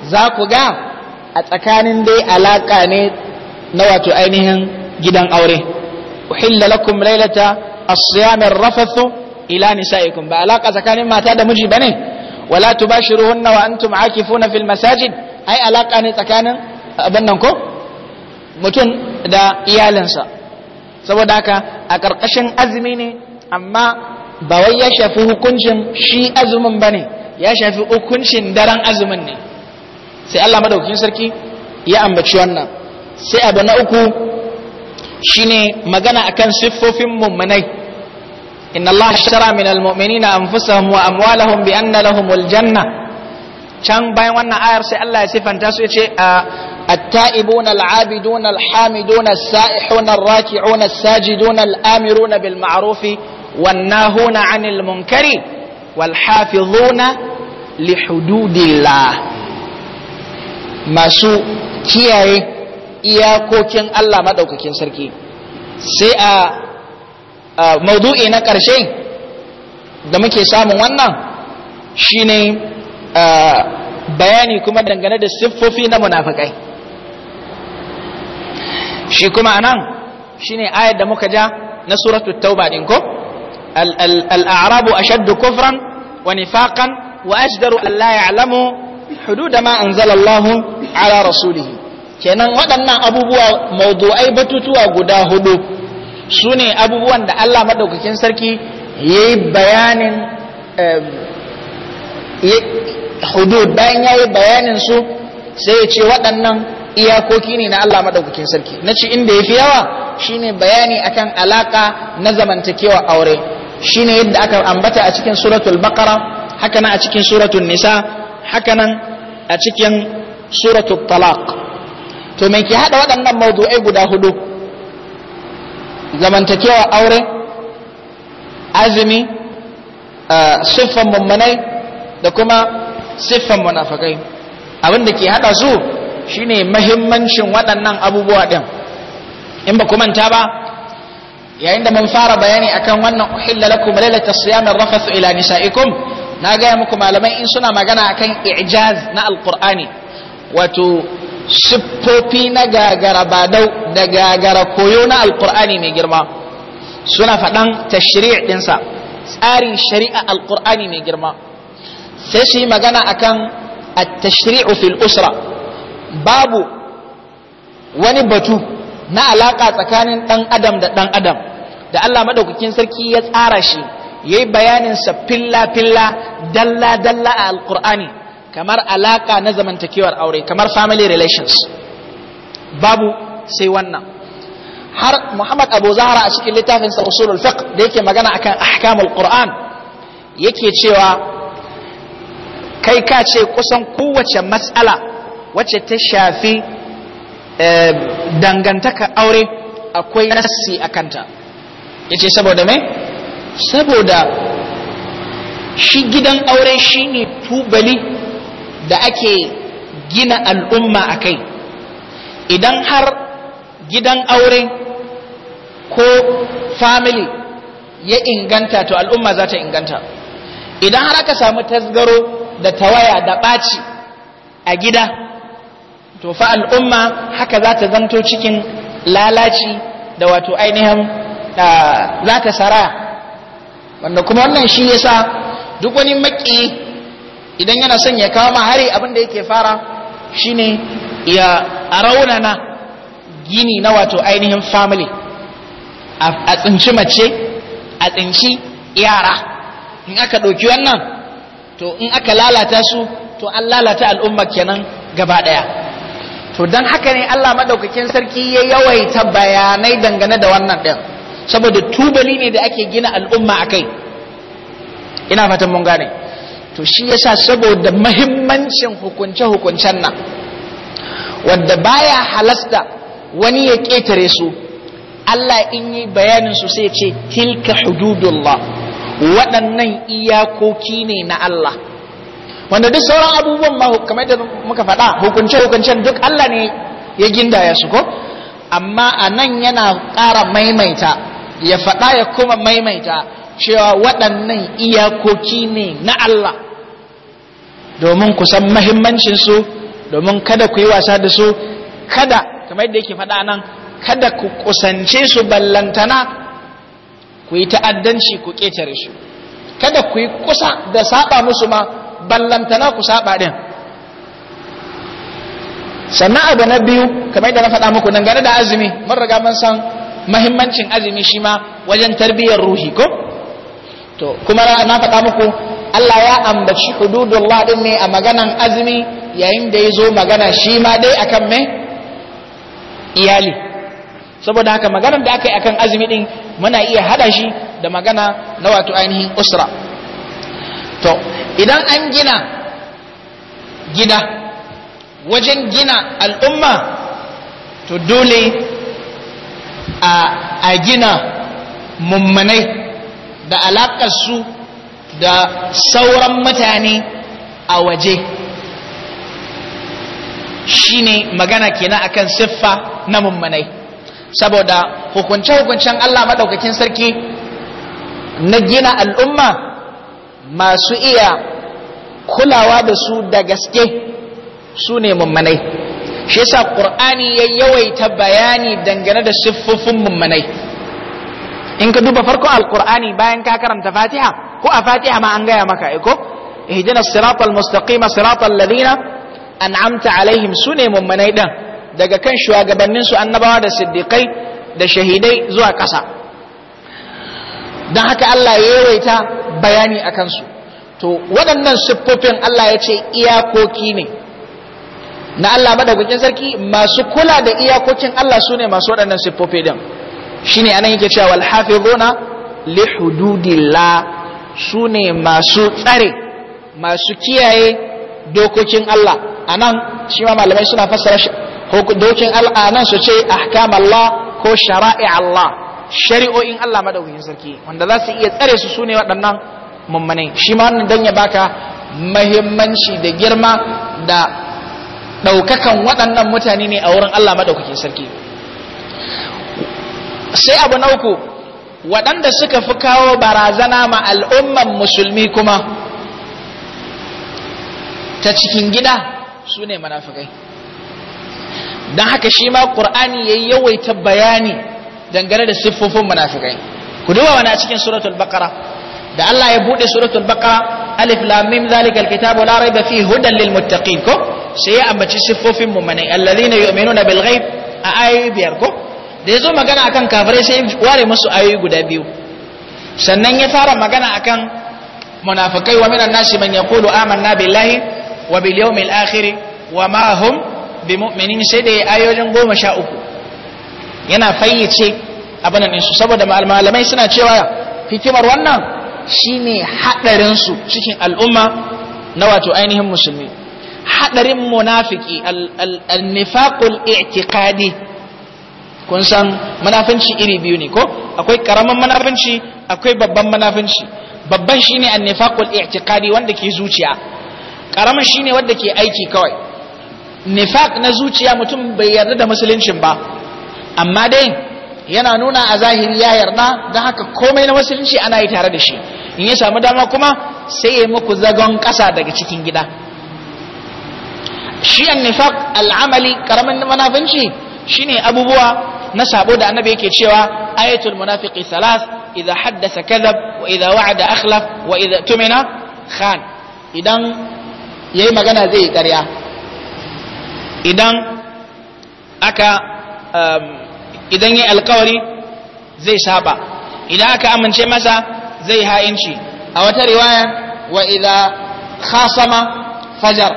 [SPEAKER 1] za ku ga a tsakanin dai alaƙa ne na wato ainihin gidan aure uhilla lakum lailata as-siyam ar-rafathu ila nisaikum ba alaƙa tsakanin mata da miji bane wala tubashiruhunna wa antum funa fil masajid ai alaƙa ne tsakanin abin nan ko mutum da iyalinsa saboda haka a ƙarƙashin azumi ne amma ba wai ya shafi hukuncin shi azumin ne, ya shafi hukuncin daren azumin ne sai Allah madaukakin sarki ya ambaci wannan sai abu na uku shine magana akan siffofin mummunai inna Allah na min almu'minina anfusahum wa amwalahum bi anna lahumul janna can bayan wannan ayar sai Allah ya sifanta su yace التائبون العابدون الحامدون السائحون الراكعون الساجدون الآمرون بالمعروف والناهون عن المنكر والحافظون لحدود الله masu kiyaye iyakokin Allah maɗaukakin sarki sai a maudu'i na ƙarshe da muke samun wannan shine bayani kuma dangane da siffofi na munafikai shi kuma anan shine ayar da muka ja na suratul tauba ɗin ko الأعراب أشد كفرا ونفاقا وأجدر أن لا يعلموا حدود ما أنزل الله على رسوله kenan waɗannan abubuwa mawdu'ai batutuwa guda hudu su ne abubuwan da Allah maɗaukakin sarki ya yi bayanin hudud bayan ya yi bayanin su sai ya ce waɗannan iyakoki ne na Allah maɗaukakin sarki na ci inda ya fi yawa shine bayani akan alaka na zamantakewa aure shine yadda aka ambata a cikin suratul baqara haka nan a cikin suratul nisa haka nan a cikin suratul talaq to me ke hada waɗannan mawdu'ai guda hudu zamantakewa aure azumi siffan mummunai da kuma siffan munafakai abin da ke hada su shine mahimmancin waɗannan abubuwa ɗin in ba ku manta ba yayin da mun fara bayani akan wannan uhilla lakum lailata siyam ar-rafath ila nisaikum na ga muku malamai in suna magana akan i'jaz na alqur'ani wato siffofi na gagara badau da gagara koyo na alqur'ani mai girma suna faɗan tashri' dinsa tsarin shari'a alqur'ani mai girma sai su yi magana akan at-tashri'u fil usra babu wani batu na alaƙa tsakanin ɗan adam da ɗan adam da Allah madaukakin sarki ya tsara shi yayi bayanin sa filla filla dalla dalla a Alƙur'ani kamar alaƙa na zamantakewar aure kamar family relations babu sai wannan har Muhammad Abu Zahra a cikin littafin sa usulul fiqh da yake magana akan ahkamul qur'an yake cewa kai ka ce kusan kowace matsala wacce ta shafi Eh, dangantaka aure akwai nasi a kanta ya saboda mai saboda shi gidan aure shine tubali da ake gina al'umma a kai idan har gidan aure ko family ya inganta to al'umma za ta inganta idan har aka samu tasgaro da tawaya da ɓaci a gida to fa al'umma haka za ta zanto cikin lalaci da wato ainihin za ta sara wanda kuma wannan shi yasa duk wani maki idan yana son ya kawo hari abin da yake fara shine ya raunana gini na wato ainihin family a tsinci mace a tsinci yara in aka ɗauki wannan to in aka lalata su to an lalata al'umma kenan gaba ɗaya to don haka ne Allah maɗaukakin sarki ya yawaita bayanai dangane da wannan ɗin saboda tubali ne da ake gina al'umma a kai ina fatan mun gane to shi yasa saboda mahimmancin hukunce-hukuncen nan wanda baya halasta wani ya ƙetare su Allah in yi bayanin su sai ce tilka hududullah waɗannan iyakoki ne na Allah wanda duk sauran abubuwan ma kamar da muka faɗa hukunce hukuncen duk Allah ne ya ginda ya ko amma a nan yana ƙara maimaita ya faɗa ya kuma maimaita cewa waɗannan iyakoki ne na Allah domin ku san su domin kada ku yi wasa da su kada kamar yadda yake faɗa nan kada ku kusance su ballantana ku yi ta'addanci ku ƙetare su kada ku yi kusa da saba musu ma ballantana ku saba din sannan abu na biyu kamar da na faɗa muku dangane da azumi mun riga mun san mahimmancin azumi shi ma wajen tarbiyyar ruhi ko to kuma na faɗa muku Allah ya ambaci hududullah din ne a maganan azumi yayin da ya zo magana shi ma dai akan me iyali saboda haka maganar da aka yi akan azumi din muna iya hada shi da magana na wato ainihin usra to idan an gina gida wajen gina al'umma to dole a a gina mummanai da su da sauran mutane a waje shi ne magana kenan akan siffa na mummanai saboda hukunce-hukuncen Allah maɗaukakin sarki na gina al'umma masu iya kulawa da su da gaske su ne mummanai shi yasa qur'ani ya yawaita bayani dangane da siffofin mummanai in ka duba farko alqur'ani bayan ka karanta fatiha ko a fatiha ma an gaya maka iko eh ihdina siratal mustaqim siratal ladina an'amta alaihim sune mummanai dan daga kan shugabannin su annabawa da siddiqai da shahidai zuwa ƙasa. don haka Allah ya yawaita bayani a kansu to waɗannan siffofin Allah ya ce iyakoki ne na Allah madaukakin sarki masu kula da iyakokin Allah sune masu waɗannan siffofi din shine anan yake cewa wal hafizuna li hududillah su masu tsare masu kiyaye dokokin Allah anan shi ma malamai suna fassara dokokin Allah anan su ce ahkamallah ko shara'i Allah shari'o'in Allah madaukakin sarki wanda za su iya tsare su sune waɗannan mummunai shi ma wannan dan ya baka muhimmanci da girma da ɗaukakan waɗannan mutane ne a wurin Allah madaukakin sarki sai abu na uku waɗanda suka fi kawo barazana ma al'umman musulmi kuma ta cikin gida su ne manafikai don haka shi ma ƙur'ani ya yawaita bayani dangane da siffofin munafikai ku duba wani a cikin suratul baqara da Allah ya bude suratul baqara alif lam mim zalikal kitabu la raiba fihi hudan lil muttaqin ko sai ya ambaci siffofin mu'minai alladhina yu'minuna bil ghaib a ayoyi biyar ko da yazo magana akan kafirai sai ware musu ayoyi guda biyu sannan ya fara magana akan munafikai wa minan nasi man yaqulu amanna billahi wa bil yawmil akhir wa ma hum bimu'minin sai da ayoyin goma sha uku yana fayyace abinan nan saboda malamai suna cewa hikimar wannan shine ne haɗarinsu cikin al'umma na wato ainihin musulmi haɗarin munafiki al-nifaqul i'tiqadi kun san munafinci iri biyu ne ko akwai ƙaramin munafinci akwai babban munafinci babban shine al nifaqul iktikadi wanda ke zuciya ƙaramin shine wanda ke aiki kawai nifak na zuciya mutum bai yarda da musuluncin ba amma dai yana nuna a zahiri ya yarda don haka komai na musulunci ana yi tare da shi in ya samu dama kuma sai ya muku zagon ƙasa daga cikin gida shi an nifaq al'amali karamin munafinci shine abubuwa na sabo da annabi yake cewa ayatul munafiqi salas idza haddasa kadhab wa idza wa'ada akhlaf wa idza tumina khan idan yayi magana zai yi ƙarya idan aka um, idan ya alkawari zai saba idan aka amince masa zai ha'inci a wata riwaya wa idza khasama fajar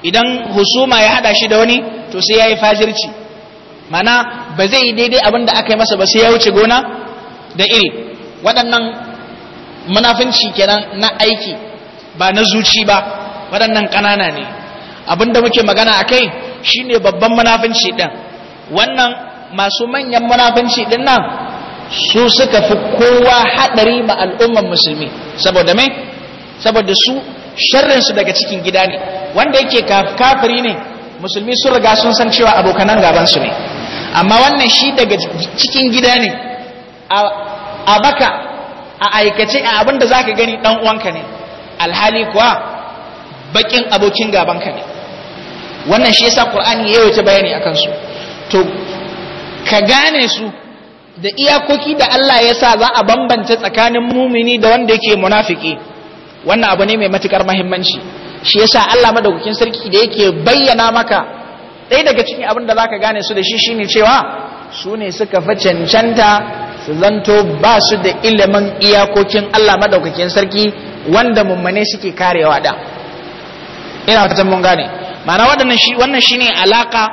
[SPEAKER 1] idan husuma ya hada shi da wani to sai yayi fajirci mana ba zai daidai abin da aka yi masa ba sai ya wuce gona da iri waɗannan munafinci kenan na aiki ba na zuci ba waɗannan ƙanana ne abin da muke magana a kai shine babban munafinci ɗin wannan masu manyan munafunci din nan su suka fi kowa hadari ma al'umman musulmi saboda me saboda su sharrin su daga cikin gida ne wanda yake kafiri ne musulmi sun riga sun san cewa abokanan gaban su ne amma wannan shi daga cikin gida ne a baka a aikace a abin da zaka gani dan uwanka ne alhali kuwa bakin abokin gaban ka ne wannan shi yasa qur'ani yayi wata bayani akan su to ka gane su da iyakoki da Allah ya sa za a bambance tsakanin mumini da wanda yake munafiki wannan abu ne mai matukar mahimmanci shi yasa Allah madaukakin sarki da yake bayyana maka ɗaya daga cikin abin da zaka gane su da shi shine cewa su ne suka fa cancanta su zanto ba su da ilimin iyakokin Allah madaukakin sarki wanda mummane suke karewa da ina fatan mun gane ma'ana wannan shi wannan shine alaka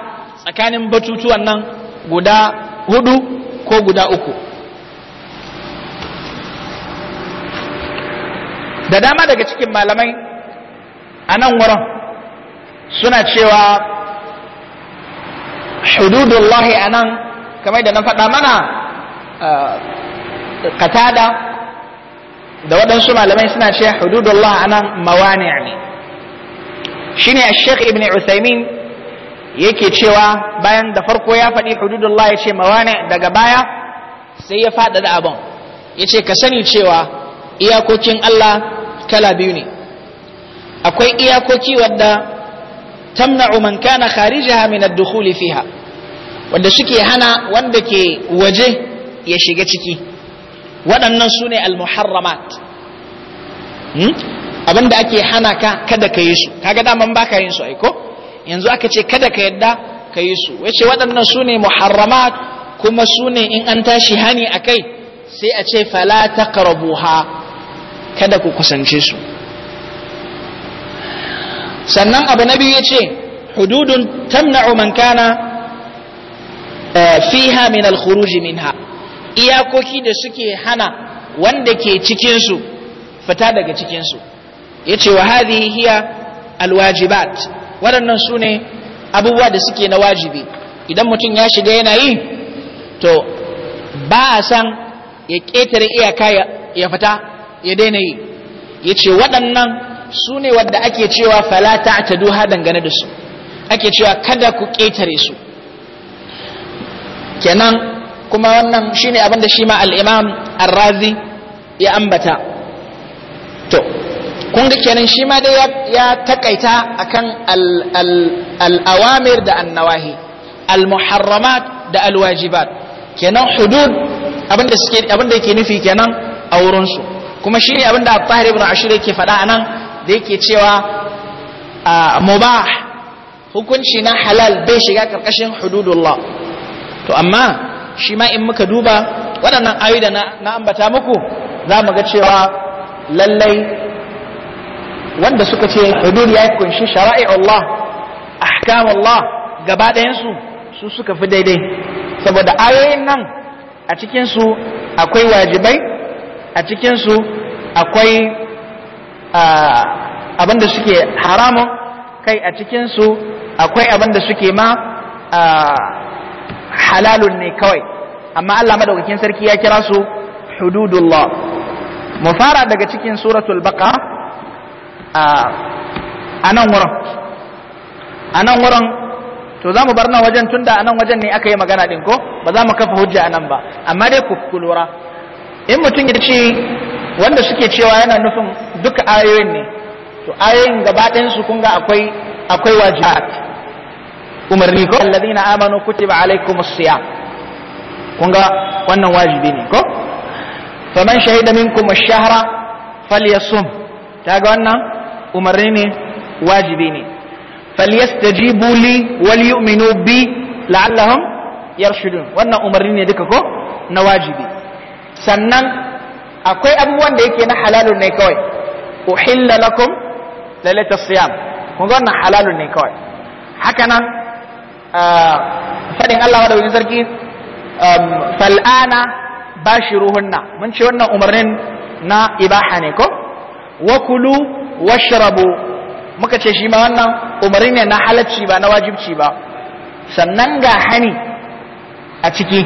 [SPEAKER 1] tsakanin batutuwan nan guda hudu ko guda uku da dama daga cikin malamai a nan wurin suna cewa hududullahi a nan kamar da na faɗa mana katada eh, da waɗansu malamai suna cewa hududullah a nan mawani ne shine a sheikh ibn usaimin yake cewa bayan da farko ya faɗi hududullah ya ce mawane daga baya sai ya faɗaɗa abin ya ce ka sani cewa iyakokin Allah kala biyu ne akwai iyakoki wadda tamna'u man kana kharijaha min ad fiha wanda suke hana wanda ke waje ya shiga ciki waɗannan su ne al-muharramat hmm? abinda ake hana ka kada ka yi su kaga daman baka yin su aiko yanzu aka ce kada ka yadda ka yi su wace waɗannan su ne muharramat kuma su ne in an tashi hani a kai sai a ce fala ta kada ku kusance su sannan abu na biyu ya ce hududun tamna'u man kana eh, fiha min al-khuruji minha iyakoki da suke hana wanda ke cikinsu fita daga cikinsu yace ce wa hadhihi hiya waɗannan su ne abubuwa da suke na wajibi idan mutum ya shiga yana yi to ba a san ya ƙetare iyaka ya fita ya daina yi ya ce waɗannan su ne wadda ake cewa falata ta duha dangane da su ake cewa kada ku ƙetare su kenan kuma wannan shine abin da shi ma al'imam arrazi ya ambata to kun ga kenan shi ma dai ya takaita akan al'awamir da annawahi al-muharramat da al-wajibat kenan hudud abinda suke abinda yake nufi kenan a wurinsu kuma shi ne abinda al ibn ashir yake faɗa a nan da yake cewa mubah hukunci na halal bai shiga karkashin hududullah to amma shi ma in muka duba waɗannan ayoyi da na ambata muku za mu ga cewa lallai wanda suka ce hudud ya kunshi shara'i Allah ahkam Allah gaba ɗayansu su suka fi daidai saboda ayoyin nan a cikinsu akwai wajibai a cikinsu akwai abinda suke haramun kai a cikinsu akwai abinda suke ma halalun ne kawai amma Allah madaukakin sarki ya kira su hududullah mu fara daga cikin suratul baqara Ah, a nan wurin a nan wurin to za mu bar nan wajen tun da a nan wajen ne aka yi magana ɗin ko ba za mu kafa hujja a nan ba amma dai ku lura in mutum ya ce wanda suke cewa yana nufin duka ayoyin ne to ayoyin gaba ɗayansu kun ga akwai akwai wajibat umarni ko alladhina amanu kutiba alaikumus siyam kun ga wannan wajibi ne ko faman shahida minkum ash-shahra falyasum ta ga wannan umarni ne wajibi ne falyastajibu li wal yu'minu bi la'allahum yarshudun wannan umarni ne duka ko na wajibi sannan akwai abubuwan da yake na halalun ne kawai uhilla lakum lalata siyam kun ga wannan halalun ne kawai haka nan ah, fadin Allah da wajen sarki um, fal'ana bashiruhunna mun ce wannan umarnin na ibaha ne ko wakulu washrabu muka ce shi ma wannan umarni ne na halacci ba na wajibci ba sannan ga hani a ciki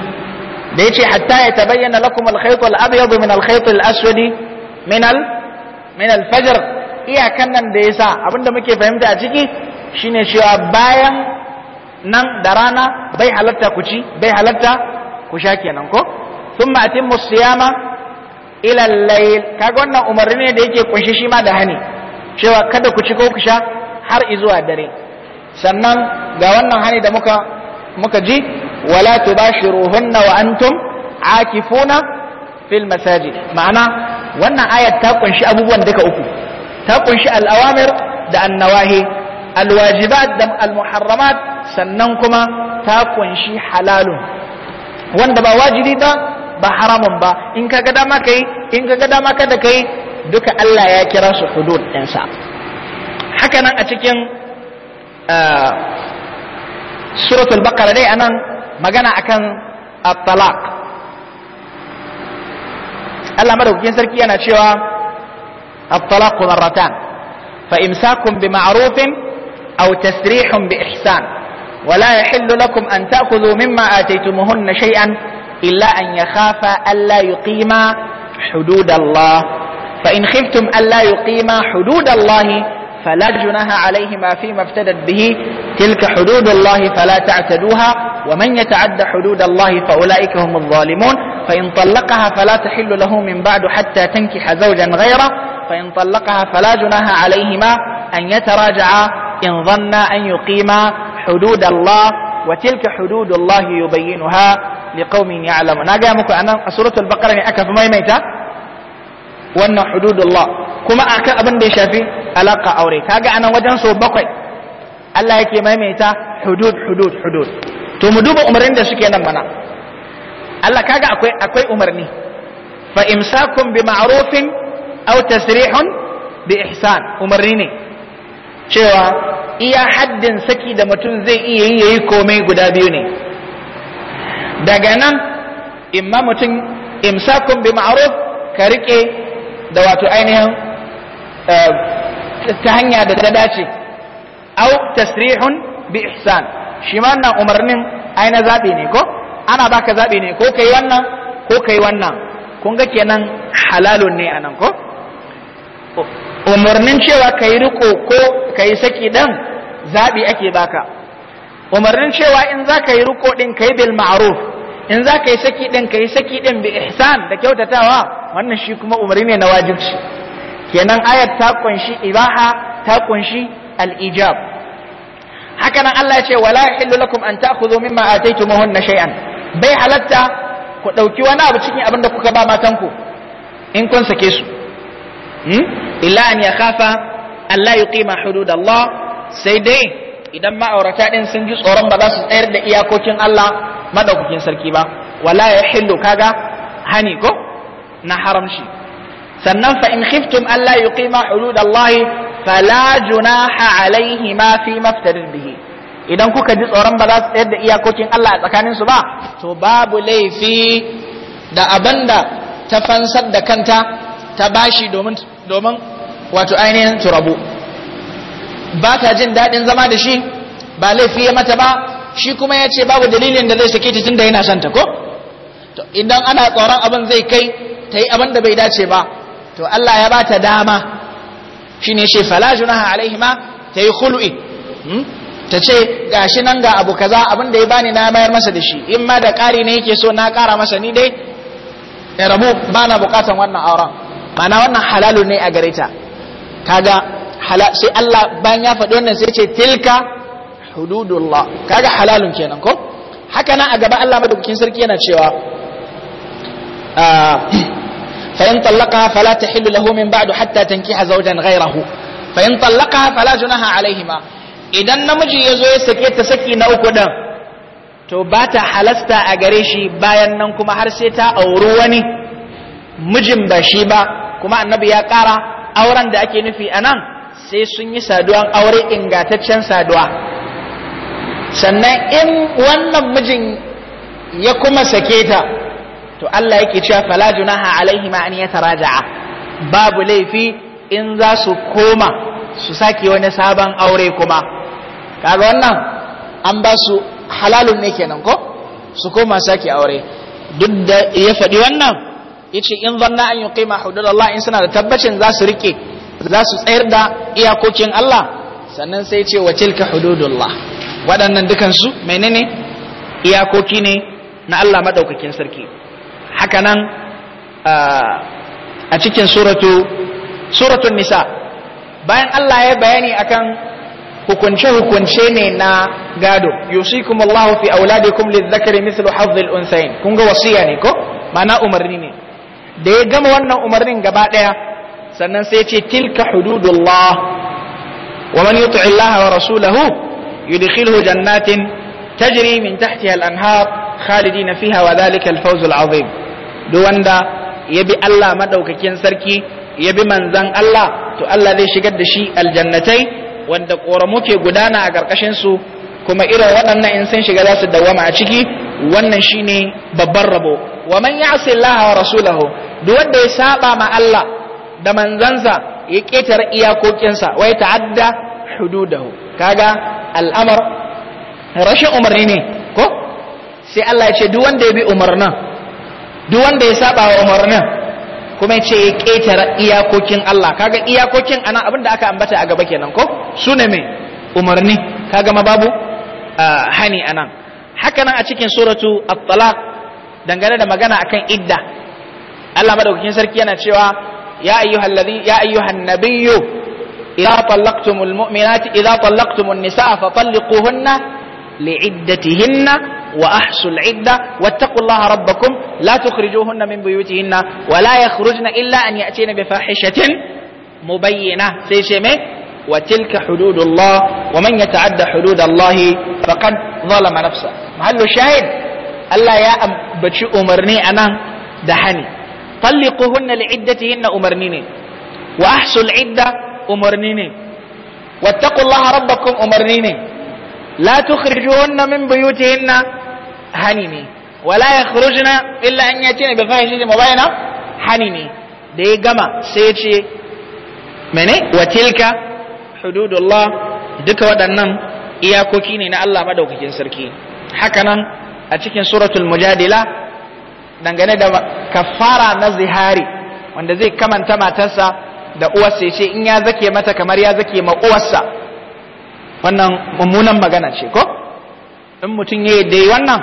[SPEAKER 1] da yace hatta ya tabayyana lakum al-khayt al-abyad min al-khayt al-aswad min al min al-fajr iyakan nan da yasa abinda muke fahimta a ciki shine cewa bayan nan da rana bai halatta ku ci bai halatta ku sha kenan ko thumma atimmu siyama ila al-layl kaga wannan umarni ne da yake kunshi shi ma da hani cewa kada ku ci ko ku sha har izuwa dare sannan ga wannan hani da muka muka ji wala tubashiruhunna wa antum akifuna fil masajid ma'ana wannan ayat ta kunshi abubuwan duka uku ta kunshi al-awamir da an-nawahi al-wajibat da al-muharramat sannan kuma ta kunshi halalun wanda ba wajibi ba ba haramun ba in kaga dama kai in kaga dama kada kai duka Allah ya kira su hudud ɗinsa haka nan a cikin suratul baqara dai anan magana akan at-talaq Allah madaukakin sarki yana cewa at-talaq marratan fa imsakum bi ma'rufin aw tasrih bi ihsan ولا يحل لكم أن تأخذوا مما آتيتمهن شيئا إلا أن يخافا ألا يقيما حدود الله فإن خفتم ألا يقيما حدود الله فلا عليه عليهما فيما افتدت به تلك حدود الله فلا تعتدوها ومن يتعد حدود الله فأولئك هم الظالمون فإن طلقها فلا تحل له من بعد حتى تنكح زوجا غيره فإن طلقها فلا جناها عليهما أن يتراجعا إن ظنا أن يقيما حدود الله وتلك حدود الله يبينها لقوم يعلمون أنا أن سورة البقرة يعني أكف ما يميتها wannan hududullah kuma akan abin da ya shafi alaka aure kaga anan wajen so bakwai Allah yake maimaita hudud hudud hudud to mu duba umarnin da suke nan mana Allah kaga akwai akwai umarni fa imsakum bi ma'rufin aw tasrihun bi ihsan umarni ne cewa iya haddin saki da mutum zai iya yi yayi komai guda biyu ne daga nan imma mutum imsakum bi ma'ruf ka rike da wato ainihin eh, ta hanya da ta dace au tasrihun bi ihsan shi ma nan umarnin aina zabe ne ko ana baka zabe ne ko kai wannan ko kai wannan kun ga kenan halalun ne anan ko umarnin cewa kai riko ko kai saki dan zabi ake baka umarnin cewa in za ka yi riko din kai bil ma'ruf in za ka yi saki ɗin ka yi saki ɗin bi ihsan da kyautatawa wannan shi kuma umarni ne na wajibci kenan ayat ta kunshi ibaha ta kunshi al-ijab haka nan Allah ya ce wala yahillu lakum an ta'khudhu mimma ataytumuhunna shay'an bai halatta ku dauki wani abu cikin abin da kuka ba matanku in kun sake su hmm? illa an yakhafa Allah yuqima hududallah sai dai idan ma'aurata din sun ji tsoron ba za su tsayar da iyakokin Allah madaukakin sarki ba wala ya hillu kaga hani ko na haramshi sannan fa in khiftum alla yuqima hudud Allah fala junaha alaihi ma fi maftarir bihi idan kuka ji tsoron ba za su tsayar da iyakokin Allah a tsakanin su ba to babu laifi da abanda ta fansar da kanta ta bashi domin domin wato ainihin turabu ba ta jin daɗin zama da shi ba laifi ya mata ba shi kuma ya ce babu dalilin da zai sake ta tunda yana shanta ko idan ana tsoron abin zai kai ta yi abin da bai dace ba to Allah ya ba ta dama shi ne ce fala junaha alaihima ta yi khul'i hmm? ta ce gashi nan ga abu kaza abin da ya bani na mayar masa da shi in ma da ƙari ne yake so na ƙara masa ni dai ya rabu ba na bukatan wannan auren na wannan halalu ne a gare ta kaga halal sai Allah bayan ya faɗi wannan sai ce tilka hududullah kaga halalun kenan ko haka nan a gaba Allah madaukakin sarki yana cewa ah, fa in talaqa fala tahillu lahu min ba'du hatta tankiha zawjan ghayrahu fa in talaqa fala junaha alaihima idan namiji yazo ya sake ta saki na uku dan to ba ta halasta a gare shi bayan nan kuma har sai ta auri wani mijin ba shi ba kuma annabi ya kara auren da ake nufi a nan sai sun yi saduwan aure ingataccen saduwa sannan in wannan mijin ya kuma sake ta to Allah yake cewa fala junaha alaihi ma an yataraja'a babu laifi in za su koma su sake wani sabon aure kuma kaga wannan an ba su halalun ne kenan ko su koma sake aure duk da ya faɗi wannan yace in zanna an yuqima hudud Allah in suna da tabbacin za su rike za su tsayar da iyakokin Allah sannan sai ce wa tilka hududullah waɗannan dukansu menene iyakoki ne na Allah madaukakin sarki haka nan a cikin suratu nisa bayan Allah ya bayani akan hukunce-hukunce ne na gado yusikum Allah fi auladikum lizzakari mithlu hazzil unsayin kun ga wasiya ne ko mana umarni ne da ya gama wannan umarnin gaba daya sannan sai ce tilka hududullah wa man yuti Allah wa rasulahu yudkhilhu jannatin tajri min tahtiha al-anhar khalidina fiha wa dhalika al-fawz al-azim duk wanda ya bi Allah madaukakin sarki ya bi manzan Allah to Allah zai shigar da shi aljannatai wanda koramu ke gudana a karkashin su kuma irin waɗannan in sun shiga za su dawwama a ciki wannan shine babban rabo wa man ya'si Allah wa rasulahu duk wanda ya saba ma Allah da manzansa ya ƙetare iyakokinsa wai ta'adda hududahu kaga al'amar rashin umarni ne ko sai Allah ya ce duk wanda ya bi umarnin duk wanda ya saba wa umarnin kuma ya ce ya ƙetare iyakokin Allah kaga iyakokin ana abin da aka ambata a gaba kenan ko su ne mai umarni kaga ma babu ah, hani anan haka nan a cikin suratu at-talaq dangane da magana akan idda Allah madaukakin sarki yana cewa يا أيها, الذي يا أيها النبي إذا طلقتم المؤمنات إذا طلقتم النساء فطلقوهن لعدتهن وأحصوا العدة واتقوا الله ربكم لا تخرجوهن من بيوتهن ولا يخرجن إلا أن يأتين بفاحشة مبينة سيسمي وتلك حدود الله ومن يتعدى حدود الله فقد ظلم نفسه هل شاهد الله يا أم بتشي أمرني أنا دحني talliquhunna li'iddatihinna umarni ne wa ahsul idda umarni ne wattaqullaha rabbakum umarni ne la tukhrijuhunna min buyutihinna hani ne wala yakhrujna illa an yatina bi fahishatin mubayna hani ne da ya gama sai ce mene wa tilka hududullah duka waɗannan iyakoki ne na Allah madaukakin sarki hakanan a cikin suratul mujadila dangane da kafara na zihari wanda zai kamanta matarsa da uwarsa ya ce in ya zake mata kamar ya zake ma uwarsa wannan mummunan magana ce ko in mutum ya yi wannan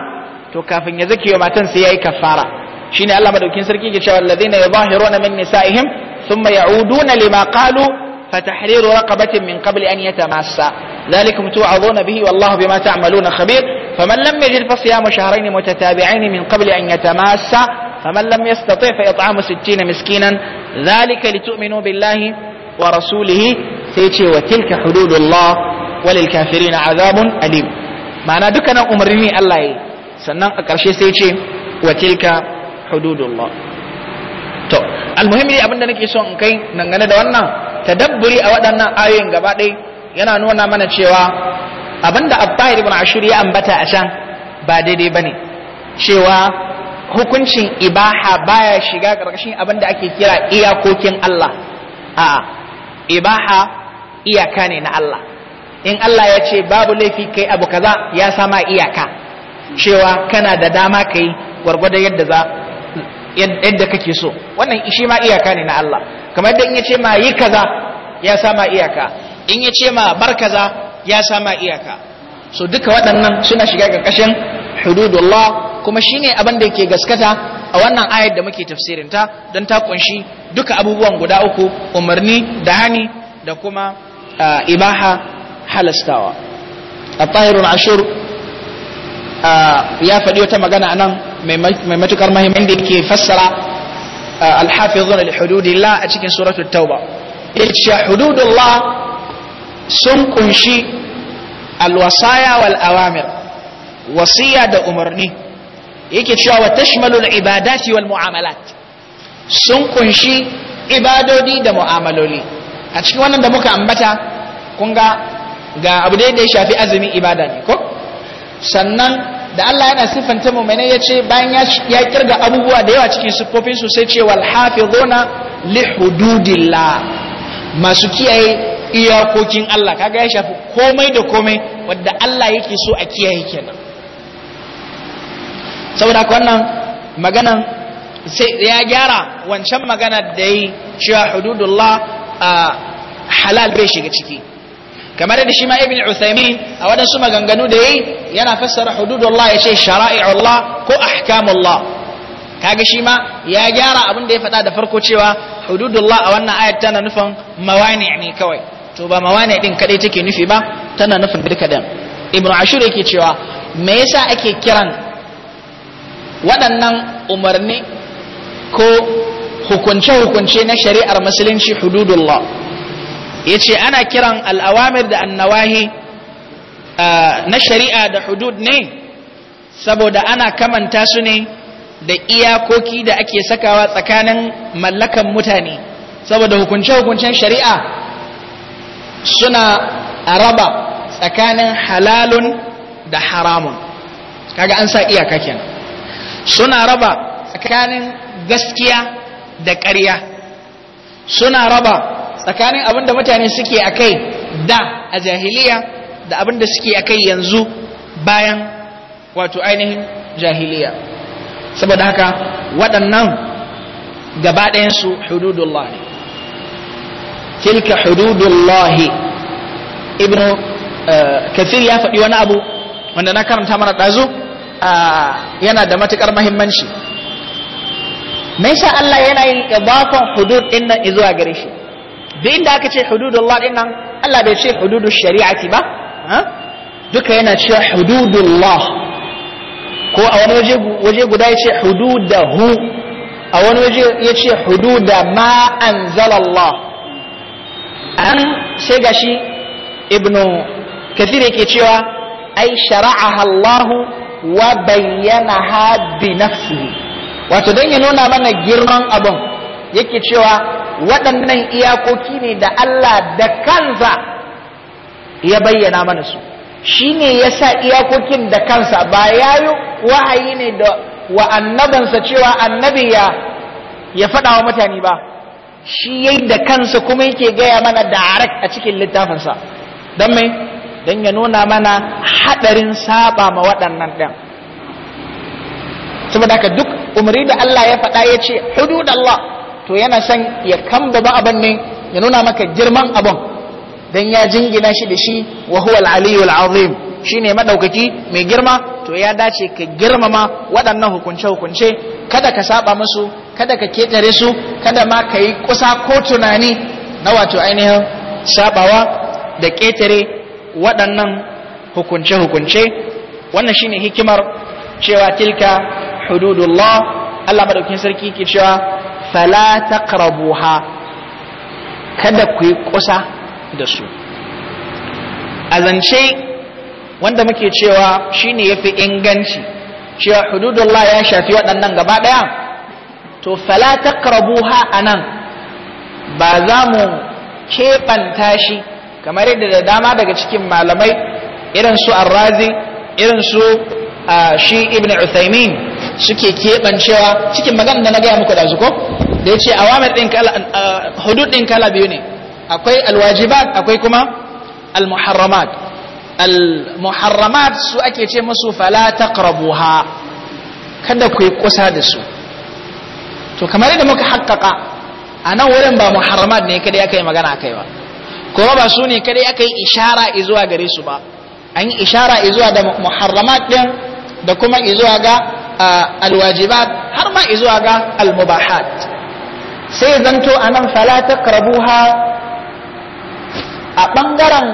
[SPEAKER 1] to kafin ya zake wa yayi ya yi kafara shine Allah madaukin sarki ke cewa allazina yuzahiruna min nisaihim thumma ya'uduna lima qalu فتحرير رقبة من قبل أن يتماسا ذلكم توعظون به والله بما تعملون خبير فمن لم يجد فصيام شهرين متتابعين من قبل أن يتماسا فمن لم يستطع فإطعام ستين مسكينا ذلك لتؤمنوا بالله ورسوله سيتي وتلك حدود الله وللكافرين عذاب أليم ما دكنا أمرني الله سنن أكرشي سيتي وتلك حدود الله المهم hududullah to almuhimmi abinda nake so tadabburi a waɗannan ayoyin gaba ɗai yana nuna mana cewa abinda abtahir ibn ashur ya ambata a can ba daidai ba ne. cewa hukuncin ibaha baya shiga ƙarƙashin da ake kira iyakokin Allah a'a ibaha iyaka ne na Allah in Allah ya ce babu laifi kai abu kaza ya sama iyaka cewa kana da dama kai gwargwadon yadda za yadda kake so wannan shi ma iyaka ne na Allah kamar da in ya ma yi kaza ya sama iyaka in ya ce ma bar kaza ya sama iyaka so duka waɗannan suna shiga ƙarƙashin hududullah kuma shine abin da yake gaskata a wannan ayar da muke tafsirinta don ta kunshi duka abubuwan guda uku umarni da hani da kuma ibaha halastawa a tahirun ashur ya faɗi wata magana anan mai matukar mahimmanci da ke fassara alhafizun alhududillah a cikin suratu tauba yace hududullah sun kunshi alwasaya wal awamir wasiya da umarni yake cewa wa tashmalul ibadati wal mu'amalat sun kunshi ibadodi da mu'amaloli a cikin wannan da muka ambata kun ga ga abu da ya shafi azumi ibada ko sannan da Allah yana siffanta mu'minai yace bayan ya kirga abubuwa da yawa cikin siffofin su sai ce wal hafizuna li hududillah masu kiyaye iyakokin Allah kaga ya shafi komai da komai wanda Allah yake so a kiyaye kenan saboda haka wannan maganan sai ya gyara wancan magana da yi cewa hududullah ah, halal bai shiga ciki kamar da shi ma ibn Uthaymeen a su maganganu da yi yana fassara hududullah ya ce shara'i'ullah ko ahkamullah kaga shi ma ya gyara abin da ya fada da farko cewa hududullah a wannan ayat tana nufin mawani ne kawai to ba mawani din kadai take nufi ba tana nufin duka din ibn ashur yake cewa me yasa ake kiran waɗannan umarni ko hukunce-hukunce na shari'ar musulunci hududullah Yace ana kiran al'awamir da annawahi uh, na shari'a da hudud ne saboda ana kamanta su ne da iyakoki da ake sakawa tsakanin mallakan mutane saboda hukunce-hukuncen shari'a suna raba tsakanin halalun da haramun kaga an sa iyaka kenan suna raba tsakanin gaskiya da ƙarya suna raba tsakanin abinda mutane suke a kai da a jahiliya da abin suke a kai yanzu bayan wato ainihin jahiliya saboda haka waɗannan gaba hududullahi tilka hududullahi ibn eh, kathir ya faɗi wani abu wanda na karanta mana ɗazu yana da matukar mahimmanci me Allah yana yin idafan hudud din nan zuwa gare shi duk inda aka ce hududullah din nan Allah bai ce hududu shari'ati ba duka yana cewa hududullah ko a wani waje guda ya ce hududahu a wani waje ya ce hududa ma anzalallah an sai gashi ibnu kathir yake cewa ai shara'aha Allah wa bayyanaha bi nafsihi wato dan ya nuna mana girman abun yake cewa waɗannan iyakoki ne da Allah da kansa ya bayyana mana su shi ne ya sa iyakokin da kansa ba ya yi wahayi ne da wa annabansa cewa annabi ya ya faɗa wa mutane ba shi yayi da kansa kuma yake gaya mana da arak a cikin littafinsa don mai don ya nuna mana haɗarin saba ma waɗannan ɗin saboda haka duk umari da Allah ya faɗa ya ce da Allah to yana son ya kam da abin ne ya nuna maka girman abin dan ya jingina shi da shi wa huwa al-aliyyu azim shine madaukaki mai girma to ya dace ka girmama waɗannan hukunce hukunce kada ka saba musu kada ka ketare su kada ma ka yi kusa ko tunani na wato ainihin sabawa da ketare waɗannan hukunce hukunce wannan shine hikimar cewa tilka hududullah Allah ɗaukin sarki ke cewa fala taqrabuha kada ku yi kusa da su a zance wanda muke cewa shine yafi inganci cewa hududullah ya shafi waɗannan gaba ɗaya to fala taqrabuha anan ba za mu keɓanta shi kamar yadda da dama daga cikin malamai irin su arrazi irin su ah, shi ibn uthaymin suke keɓancewa cikin magana da na gaya muku da ko da ya ce awamir ɗin kala uh, hudud ɗin kala biyu ne akwai alwajibat akwai kuma almuharramat almuharramat su ake ce musu fala taqrabuha kada ku yi kusa da su to kamar yadda muka haƙƙaƙa a nan wurin ba muharramat ne kada aka yi magana kai ba kuma ba su ne kada aka yi ishara izuwa gare su ba an yi ishara izuwa da muharramat ɗin da kuma izuwa ga alwajibat har ma izuwa ga almubahat sai zanto a nan fala ha, a ɓangaren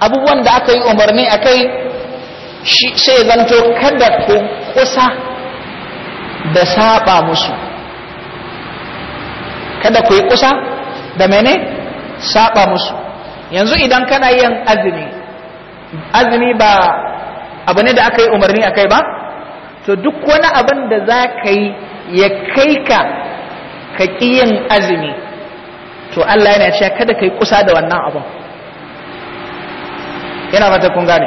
[SPEAKER 1] abubuwan da aka yi umarni a kai sai zanto kada ku kusa da saba musu kada ku yi kusa da mene saba musu yanzu idan kana yin azumi azumi ba abu ne da aka yi umarni a kai ba to duk wani abin da za ka yi ya kai ka ka yin azumi to Allah yana cewa kada ka yi kusa da wannan abin yana fata kun gane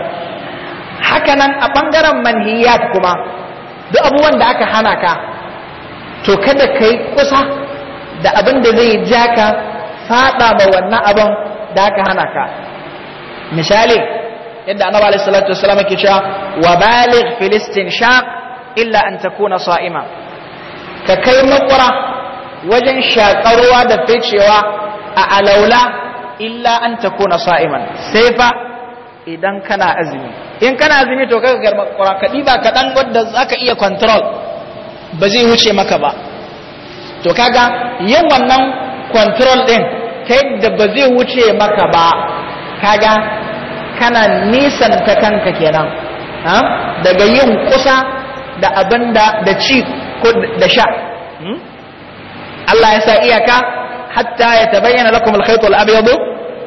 [SPEAKER 1] haka nan a ɓangaren manhiyat kuma duk abubuwan da aka hana ka to kada ka yi kusa da abin da zai ja ka faɗa ba wannan abin da aka hana ka misali yadda annabi alaihi salatu wasallam yake cewa wa baligh filistin shaq illa an takuna sa'ima ka kai makura wajen shakarwa da fecewa a alaula illa an takuna sa'iman sai fa idan kana azumi in kana azumi to kaga garma makura ka diba ka dan wanda zaka iya control ba zai wuce maka ba to kaga yin wannan control din ta yadda ba zai wuce maka ba kaga kana nisan ta kanka kenan ah, daga yin kusa da abin da ci ko da sha hmm? Allah ya sa iyaka hatta ya tabayyana lakum al-khayt al-abyad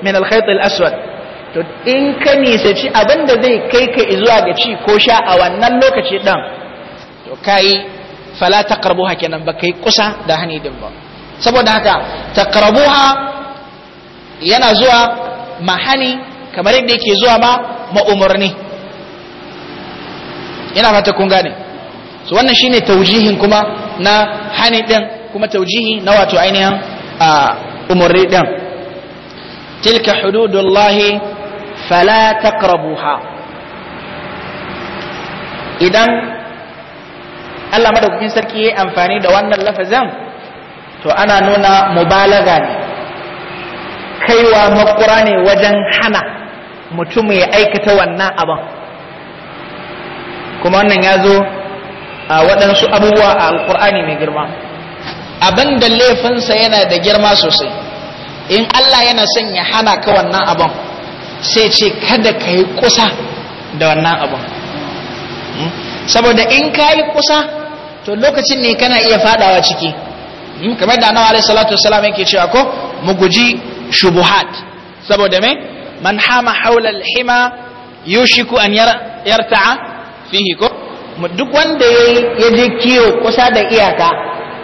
[SPEAKER 1] min al-khayt al-aswad to in ka nisaci abin da zai kai ka zuwa ga ci ko sha a wannan lokaci dan to kai fala taqrabuha kenan ba kai kusa da hani din ba saboda haka taqrabuha yana zuwa mahani kamar yadda yake zuwa ma ma'umarni ina fata kun gane Su wannan shine taujihin kuma na hani din kuma taujihi na wato ainihin umarni din tilka hududullahi fala takrabuha. idan Allah madaukakin sarki ya yi amfani da wannan lafazin to ana nuna mubalaga ne kaiwa makura ne wajen hana mutum ya aikata wannan abin kuma wannan ya zo
[SPEAKER 2] a waɗansu abubuwa
[SPEAKER 1] a alkur'ani mai girma abin da laifinsa yana da girma sosai in Allah yana son ya hana ka wannan abin sai ce kada ka yi kusa da wannan abin hmm? saboda in ka yi kusa to lokacin ne kana iya fadawa ciki hmm? kamar da anawa salatu salam yake cewa ko mu guji shubuhat saboda me man hama haulal hima yushiku an yarta'a fihi ko duk wanda ya je kiwo kusa da iyaka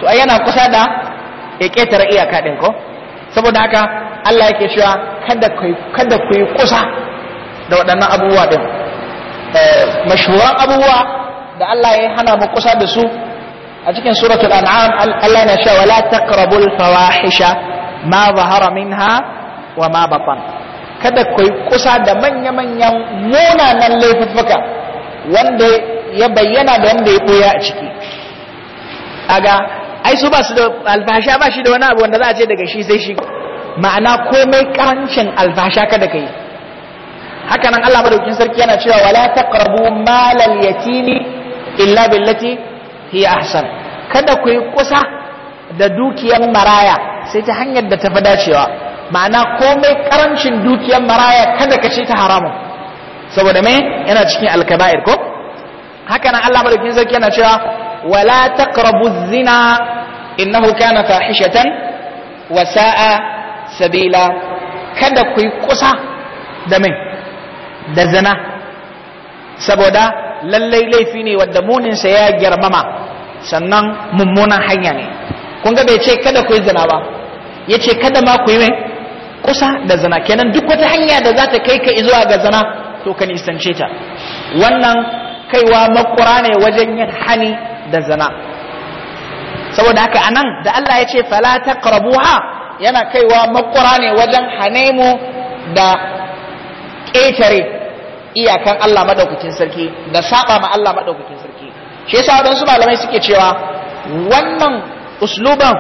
[SPEAKER 1] to ai yana kusa da ya ƙetare iyaka din ko saboda haka Allah yake cewa kada ku yi kusa da waɗannan abubuwa ɗin
[SPEAKER 2] eh, mashhuran
[SPEAKER 1] abubuwa da Allah ya hana mu kusa da su a cikin suratul an'am Allah yana cewa wala taqrabul fawahisha ma zahara minha wa ma batan kada ku kusa da manya-manyan munanan laifuffuka wanda ya bayyana da wanda ya koya a ciki aga ai su ba su da alfasha ba shi da wani abu wanda za a ce daga shi sai shi ma'ana komai karancin alfasha kada kai haka nan Allah sarki yana cewa wala taqrabu malal yatimi illa billati hiya ahsan kada ku yi kusa da dukiyar maraya sai ta hanyar da ta fi dacewa ma'ana komai karancin dukiyar maraya kada ka ce ta haramun saboda mai yana cikin alkaba'ir ko haka nan Allah madaukin sarki yana cewa wala taqrabu zina innahu kana fahishatan wa sa'a sabila kada ku yi kusa da min da zina saboda lallai laifi ne wadda muninsa ya girmama sannan mummunan hanya ne kun ga bai ce kada ku yi zina ba ya ce kada ma ku yi kusa da zina kenan duk wata hanya da za ta kai ka zuwa ga zina to ka nisance ta wannan kaiwa makura ne wajen yin hani da zina saboda haka anan da Allah ya ce fala taqrabuha yana kaiwa makura ne wajen hane da ƙetare iyakan Allah madaukakin sarki da saba ma Allah madaukakin sarki shi yasa waɗansu malamai suke cewa wannan usluban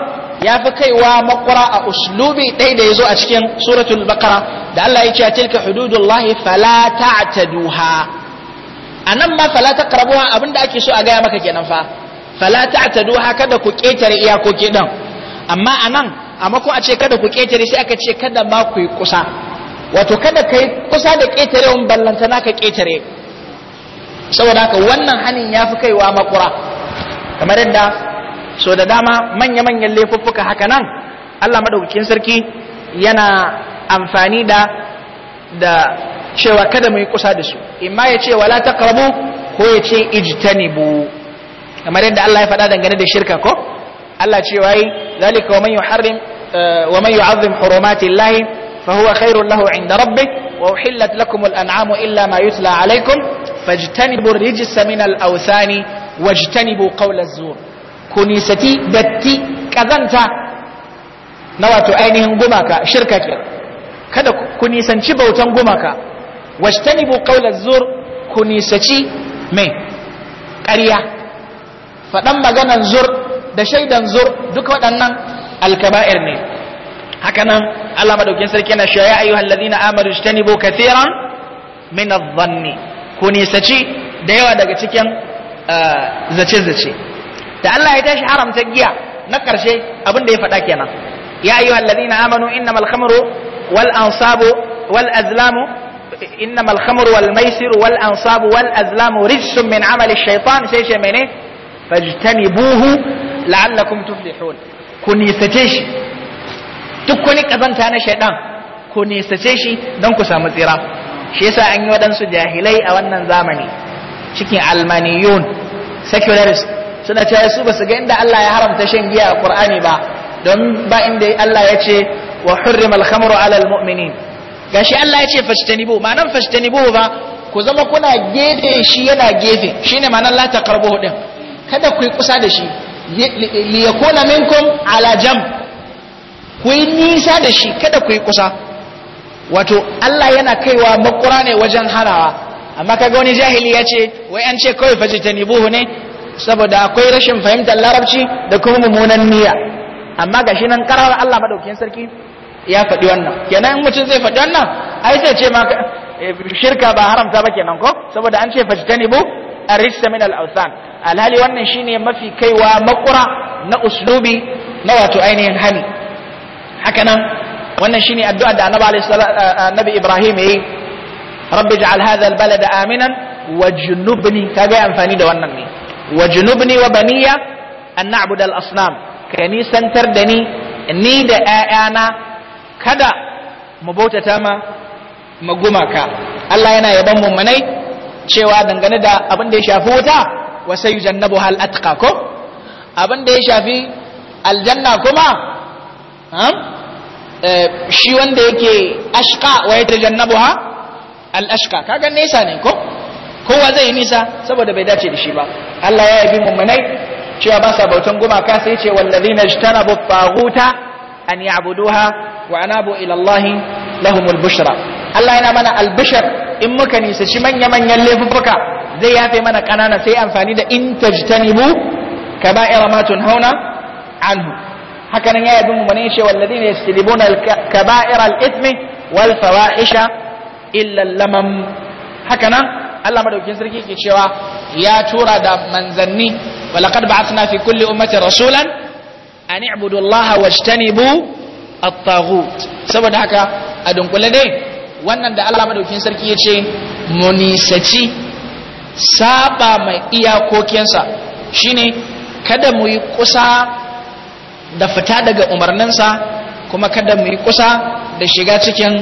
[SPEAKER 1] ya fi kaiwa makura a uslubi ɗaya da yazo a cikin suratul baqara da Allah ya ce a tilka hududullahi fala ta'taduha anan ma fala taqrabuha abinda ake so a gaya maka kenan fa fala haka kada ku ketare iyakoki dan amma anan a mako a ce kada ku ketare sai aka ce kada ma ku yi kusa wato kada kai kusa da ketare ketarewan ballanta ka ketare saboda haka wannan hanin ya fi kaiwa makura kamar yadda so da dama manya-manyan laifuffuka haka nan Allah madaukakin sarki yana amfani da da cewa kada mu yi kusa da su imma ya ce wala taqrabu ko ya ce ijtanibu kamar yadda Allah ya faɗa dangane da shirka ko Allah ce wai zalika wa man yuharrim eh, wa man yu'azzim hurumati Allah fa huwa khairul lahu 'inda rabbih wa uhillat lakum al-an'amu illa ma yutla 'alaykum fajtanibu ar-rijsa min al-awthani wajtanibu qawla az-zur kunisati datti kazanta na wato ainihin gumaka shirka kada ku nisanci bautan gumaka washtanibu qawla zur ku nisaci mai faɗan maganan zur da shaidan zur duk waɗannan alkaba'ir ne Haka nan Allah madaukin sarki yana cewa ya ayyuhal ladina amanu ishtanibu kathiran min adh-dhanni ku da yawa daga cikin eh, zace zace da Allah ya tashi haramta giya na karshe abin da ya faɗa kenan ya ayyuhal ladina amanu innamal khamru wal ansabu wal azlamu Inna khamru wal maisiru wal ansabu wal azlamu rijsun min amali shaitan sai ce mene fajtanibuhu la'allakum tuflihun ku nisace shi duk wani kazanta na shaitan ku nisace shi don ku samu tsira shi yasa an yi waɗansu jahilai a wannan zamani cikin almaniyun secularists suna ce su ba su ga inda Allah ya haramta shan giya a Qur'ani ba don ba inda Allah ya ce wa hurrimal khamru alal mu'minin gashi Allah ya ce fashtanibu ma'anan fashtanibu ba ku zama kuna gefe shi yana gefe shine ma'anar la taqrabu din kada ku yi kusa da shi li yakuna minkum ala jam ku yi nisa da shi kada ku yi kusa wato Allah yana kaiwa makura ne wajen harawa amma kaga wani jahili ya ce wai an ce kawai fashtanibu ne saboda akwai rashin fahimtar larabci da kuma mummunan niyya amma gashi nan karar Allah madaukakin sarki ya faɗi wannan kenan in mutum zai faɗi wannan ai zai ce maka. Eh, shirka ba haramta ba kenan ko saboda an ce ta arrijsa min al-awthan alhali wannan ne mafi kaiwa makura na uslubi na wato ainihin hani haka nan wannan ne addu'a da annabi eh, eh, annabi Ibrahim yi. rabbi ij'al hadha al-balada aminan wajnubni kaga amfani da wannan ne wajnubni wa baniya an na'budu al-asnam ka nisantar da ni ni da 'ya'yana kada mu bautata ma magumaka Allah yana yaban mummunai cewa dangane da abin da ya shafi wuta wa sai yujannabu hal atqa ko abin da ya shafi aljanna kuma eh, shi wanda yake ashqa wa yatajannabuha al ashqa kaga nesa ne ko kowa zai nisa saboda bai dace da shi ba Allah ya yabi mummunai cewa ba sa bautan gumaka sai ce wallazina ijtanabu taghuta an ya'buduha wa anabu ila Allah lahumul bushra Allah yana mana albushar in muka nisaci manya manyan laifuffuka zai yafe mana kanana sai amfani da in tajtanibu kaba'ira ma tunhauna anhu haka nan ya yabi mu bane ce walladina yastadibuna kaba'ira ismi. ithmi wal fawahisha illa lamam haka nan Allah madaukakin sarki ke cewa ya tura da manzanni walaqad ba'athna fi kulli ummatin rasulan an i'budu Allah wajtanibu at-taghut saboda haka a dunkule dai wannan da Allah madaukin sarki yace munisaci saba mai iyakokinsa shine kada mu yi kusa da fita daga umarninsa kuma kada mu yi kusa da shiga cikin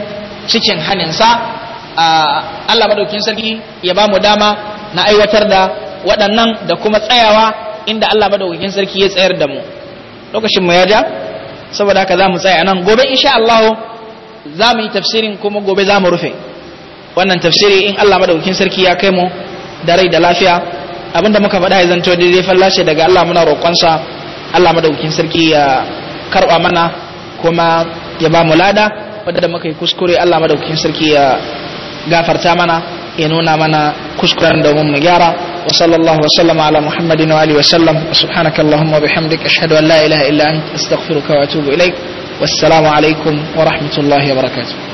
[SPEAKER 1] cikin haninsa Allah madaukin sarki ya ba mu dama na aiwatar da waɗannan da kuma tsayawa inda Allah madaukin sarki ya tsayar da mu lokacin mu ya ja saboda haka za mu tsaya nan gobe insha Allah za mu yi tafsirin kuma gobe za mu rufe wannan tafsiri in Allah madaukakin sarki ya kai mu da rai da lafiya abinda muka faɗa ya zanto dai fallashe daga Allah muna sa Allah madaukakin sarki ya karɓa mana kuma ya ba mu lada wanda muka yi kuskure Allah madaukakin sarki ya gafarta mana ya nuna mana kuskuren domin mu gyara wa sallallahu wa sallama ala muhammadin wa alihi wa sallam wa subhanaka allahumma bihamdik ashhadu an la ilaha illa anta astaghfiruka wa atubu ilaik wassalamu alaikum wa rahmatullahi wa barakatuh